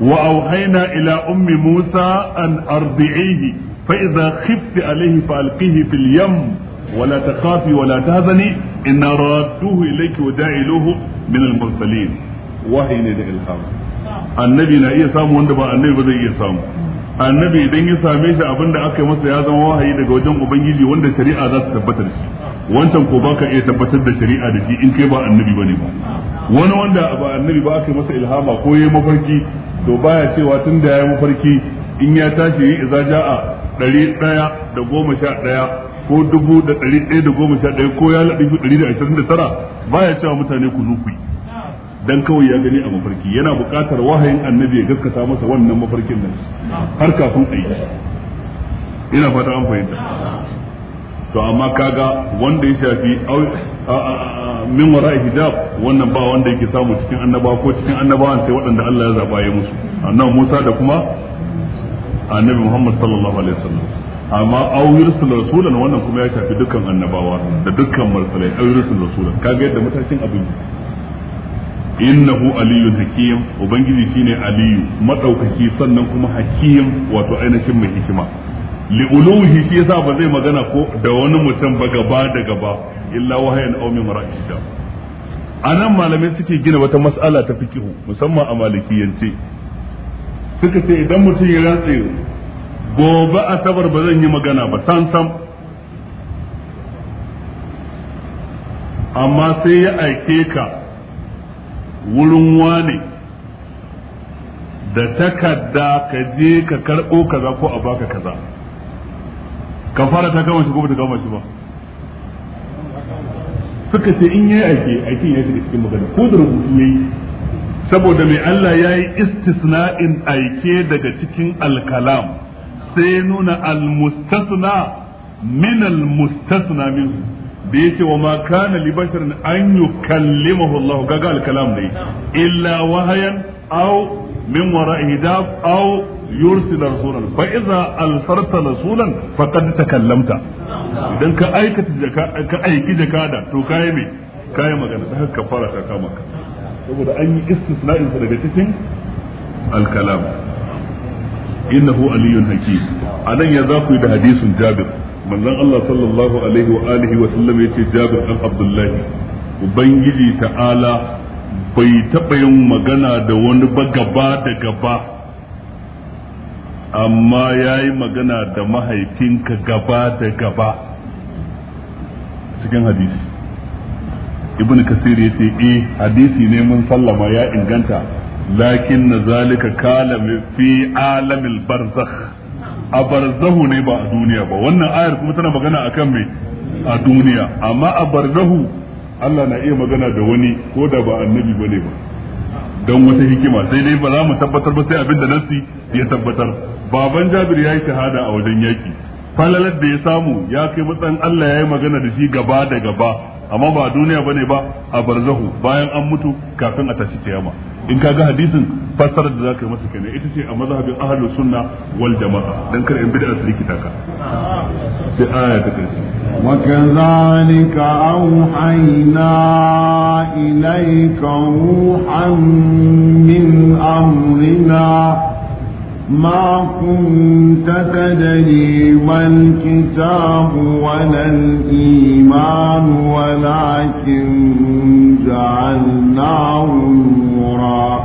وأوحينا إلى أم موسى أن أرضعيه فإذا خفت عليه فألقيه في اليم ولا تخافي ولا تهزني إن رادوه إليك وجاعلوه من المرسلين وحي ندى إلهام annabi na iya samu wanda ba annabi ba zai iya samu annabi idan ya same shi abin da aka yi masa ya zama wahayi daga wajen ubangiji wanda shari'a za ta tabbatar shi wancan ko baka iya tabbatar da shari'a da shi in kai ba annabi bane ba wani wanda ba annabi ba aka yi masa ilhama ko yayi mafarki to baya cewa tun da yayi mafarki in ya tashi yi iza a ɗari ɗaya da goma sha ɗaya ko dubu da ɗari ɗaya da goma sha ɗaya ko ya laɗi ɗari da ashirin da tara ba ya cewa mutane ku zo yi dan kawai ya gani a mafarki yana buƙatar wahayin annabi ya gaskata masa wannan mafarkin nan har kafin a yi ina fata an fahimta to amma kaga wanda ya shafi min wara hijab wannan ba wanda yake samu cikin annaba ko cikin annabawan sai waɗanda Allah ya zaba ya musu annabi Musa da kuma annabi Muhammad sallallahu alaihi wasallam amma aw yursul rasulan wannan kuma ya shafi dukkan annabawa da dukkan mursalai aw yursul rasulan kaga yadda matakin abin innahu aliyyun hakim ubangiji shine aliyu madaukaki sannan kuma hakim wato ainihin mai hikima li uluhi shi yasa ba zai magana ko da wani mutum ba gaba da gaba illa wahayan aw min ra'ida anan malamai suke gina wata mas'ala ta fikihu musamman a malikiyance suka ce idan mutum ya rantsa gobe asabar ba zan yi magana ba san sam amma sai ya aike ka wurin wane da takarda ka je ka karɓo kaza ko a baka kaza ka fara ta kama shi ko ta kama shi ba suka ce in yi aike aikin ya shiga cikin magana ko da rubutu ya yi? saboda mai Allah ya yi istisna'in aike daga cikin alkalam sai nuna al-mustasna min al min minhu da yace wa ma kana li basharin an yukallimahu Allah gaga al-kalam ne illa wahayan aw min wara'i hijab aw yursila rasulan fa idza alfarta rasulan faqad takallamta idan ka aikata ka aiki jakada to kai me kai magana da haka fara ta kama ka saboda an yi istisna'in daga cikin al-kalam innahu haki. hakim anan ya za ku yi da hadisin jabir manzon Allah sallallahu alaihi wa alihi wa sallam yace jabir dan abdullahi ubangiji ta'ala bai taɓa yin magana da wani ba gaba da gaba amma ya yi magana da mahaifinka gaba da gaba cikin hadisi ibn kasir ya ce eh hadisi ne mun sallama ya inganta lakin zalika kala fi alamil barzakh a barzahu ne ba a duniya ba wannan ayar kuma tana magana akan me a duniya amma abarzahu. Allah na iya magana da wani ko da ba annabi bane ba don wata hikima sai dai ba za mu tabbatar ba sai abin da nasi ya tabbatar baban Jabir ya yi shahada a wajen yaki falalar da ya samu ya kai matsayin Allah ya yi magana da shi gaba da gaba amma ba a duniya ne ba a barzahu bayan an mutu kafin a tashi kiyama in ka ga hadisin fassarar da zaka yi masa kenan ita ce a mazhabin ahlus sunna wal jama'a dan kar in bid'a su likita ka sai aya ta karshe wa kadhalika auhayna ilayka ruhan min amrina ما كنت تدري ما الكتاب ولا الإيمان ولكن جعلناه نورا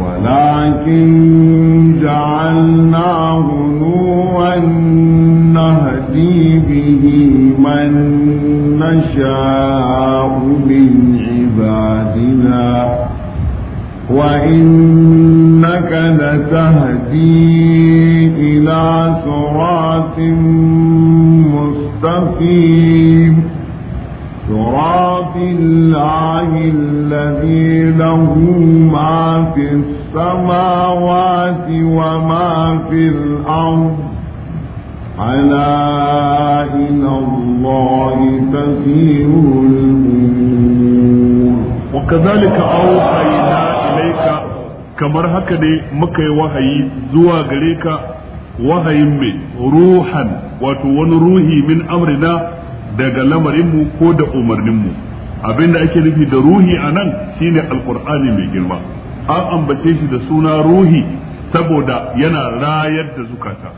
ولكن جعلناه نورا نهدي به من نشاء من عبادنا وإنك لتهدي إلى صراط مستقيم صراط الله الذي له ما في السماوات وما في الأرض على إلى الله تسير الأمور وكذلك أوحينا kamar haka ne muka yi wahayi zuwa gare ka wahayin mai ruhan wato wani ruhi min amrina daga lamarinmu ko da umarninmu da ake nufi da ruhi a nan shine alkur'ani mai girma an ambace shi da suna ruhi saboda yana rayar da zukata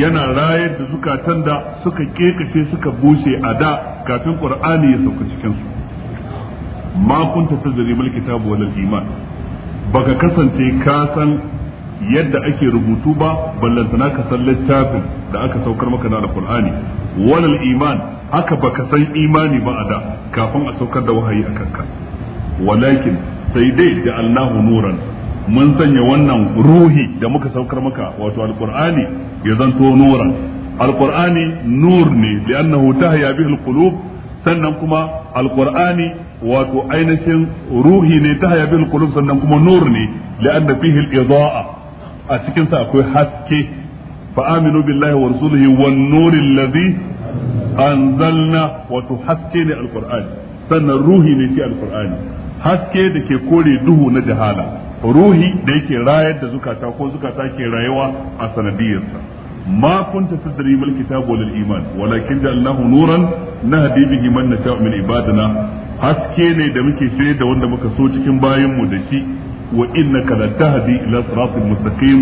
yana rayar da zukatan da suka kekace suka bushe a da kafin ƙur'ani ya sauka cikinsu. su ma kunta tazri mal ta iman baka kasance ka san yadda ake rubutu ba ballantana ka san littafin da aka saukar maka na alqur'ani walal iman haka baka san imani ba a da kafin a saukar da wahayi a kanka walakin sai dai da Allahu nuran mun sanya wannan ruhi da muka saukar maka wato alqur'ani ya zanto nuran alqur'ani nur ne li'annahu tahya bihi alqulub sannan kuma alqur'ani wato ainihin ruhi ne ta hayabil qulub sannan kuma nur ne li'anna fihi al-idaa'a a cikin sa akwai haske fa aminu billahi wa rasulihi wan nuril ladhi anzalna wato haske ne alqur'ani sannan ruhi ne shi alqur'ani haske da ke kore duhu na jahala ruhi da yake rayar da zukata ko zukata ke rayuwa a sanadiyarsa ما كنت تدري ما الكتاب ولا الإيمان ولكن جعلناه نورا نهدي به من نشاء من عبادنا haske ne da muke shirye da wanda muka so cikin bayan mu da shi wa innaka la tahdi ila siratal mustaqim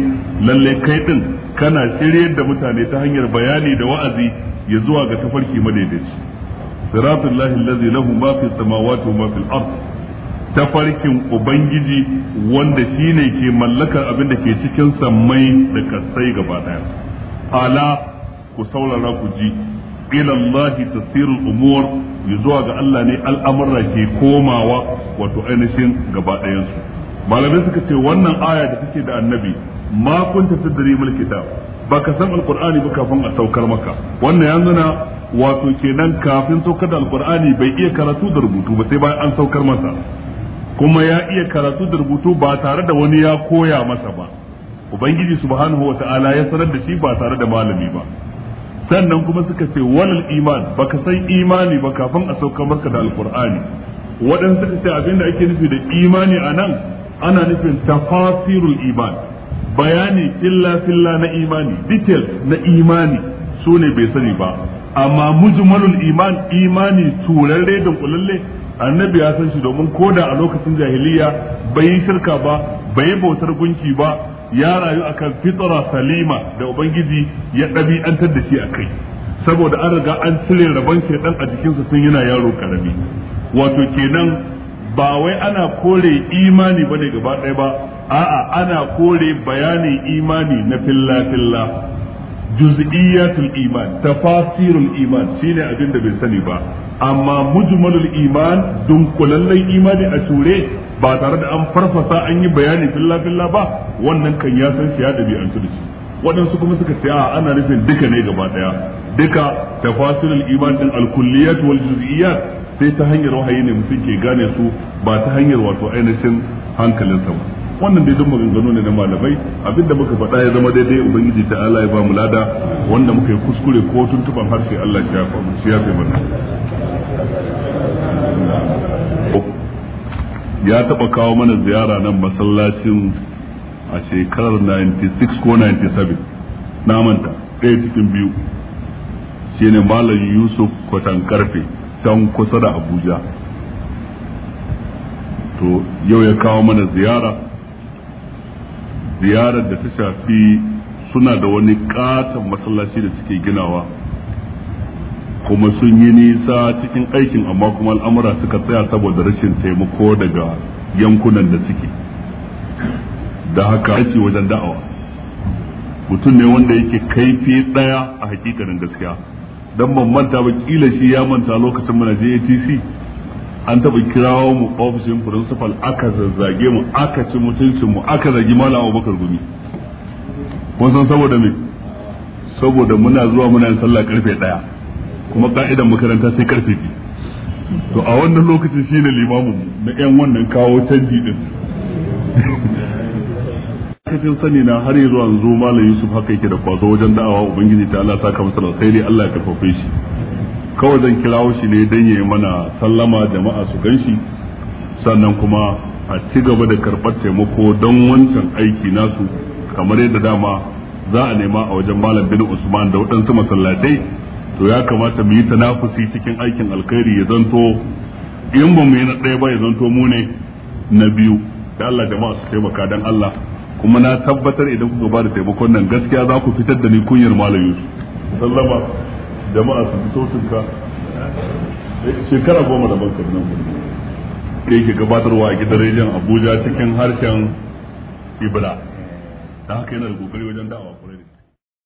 lalle kai din kana shirye da mutane ta hanyar bayani da wa'azi ya zuwa ga tafarki madaidaici siratal lahi allazi lahu ma fi samawati wa ma fil ard tafarkin ubangiji wanda shine ke mallakar abin da ke cikin sammai da kasai gaba daya ala ku saurara ku ji ila Allah tasirul umur zuwa ga Allah ne al'amurra ke komawa wato ainihin gaba malamai suka ce wannan aya da take da annabi ma kunta tadri mal kitab baka san alqur'ani baka kafin a saukar maka wannan ya nuna wato kenan kafin saukar da alqur'ani bai iya karatu da rubutu ba sai bayan an saukar masa kuma ya iya karatu da rubutu ba tare da wani ya koya masa ba ubangiji subhanahu wa ta'ala ya sanar da shi ba tare da malami ba sannan kuma suka ce walal iman baka san imani ba kafin a sauka maka da alqur'ani waɗansu suka ce abinda ake nufi da imani a nan ana nufin tafasirul iman bayani illa filla na imani detail na imani sune bai sani ba amma mujmalul iman imani turarre da kulalle annabi ya san shi domin koda a lokacin jahiliya bai shirka ba bai bautar gunki ba ya rayu akan fitra salima da ubangiji ya ɗabi'antar da shi a kai saboda an riga an cire rabon shaidan a jikinsa sun yana yaro karami wato kenan ba wai ana kore imani bane gaba ɗaya ba a'a ana kore bayanin imani na filla filla juz'iyatul iman tafasirul iman shine abin da bai sani ba amma mujmalul iman dunkulallen imani a ture ba tare da an farfasa an yi bayani filla filla ba wannan kan ya san shi ya dabi'antu da shi waɗansu kuma suka ce a ana nufin duka ne gaba daya duka tafasilul iman din al-kulliyat wal juz'iyat sai ta hanyar wahayi ne mutum ke gane su ba ta hanyar wato ainihin hankalinsa ba wannan dai duk maganganu ne na malamai abinda muka faɗa ya zama daidai ubangiji ta Allah ya ba mu lada wanda muka yi kuskure ko tuntuban harshe Allah ya shafa mu ya fi mana ya taba kawo mana ziyara nan masallacin a shekarar 96 ko 97 na manta ɗaya cikin biyu shine malam yusuf kwatan karfe can kusa da abuja to yau ya kawo mana ziyara ziyarar da ta shafi suna da wani katon masallaci da suke ginawa kuma sun yi nisa cikin aikin amma kuma al'amura suka tsaya saboda rashin taimako daga yankunan da suke da haka aiki wajen da'awa mutum ne wanda yake kaifi daya a hakikanin gaskiya Don ban manta ba kila shi ya manta lokacin mana JTC an taɓa kirawo mu ofishin principal aka zazzage mu aka ci mutuncin mu aka zagi malam Abubakar Gumi kun san saboda me saboda muna zuwa muna sallah karfe daya kuma ka'idan makaranta sai karfe biyu to a wannan lokacin shi ne limamin na yan wannan kawo canji din cikin sani na har zuwa yanzu malam Yusuf haka yake da kwazo wajen da'awa ubangiji ta Allah saka sai ne Allah ya karfafe shi kawai zan kirawo shi ne dan yayi mana sallama jama'a su ganshi sannan kuma a ci gaba da karɓar taimako don wancan aiki nasu kamar yadda dama za a nema a wajen malam bin Usman da waɗansu masallatai to ya kamata mu yi tanafusi cikin aikin alkhairi ya zanto in ba mu yi na ɗaya ba ya zanto mu ne na biyu da Allah jama'a su taimaka don Allah kuma na tabbatar idan kuka ba da taimakon nan gaskiya za ku fitar da ni kunyar malam Yusuf sallama jama'a su sautin ka. shekara goma da banka nan da yake gabatarwa a gidan rediyon Abuja cikin harshen Ibra da haka yana da kokari wajen da'awa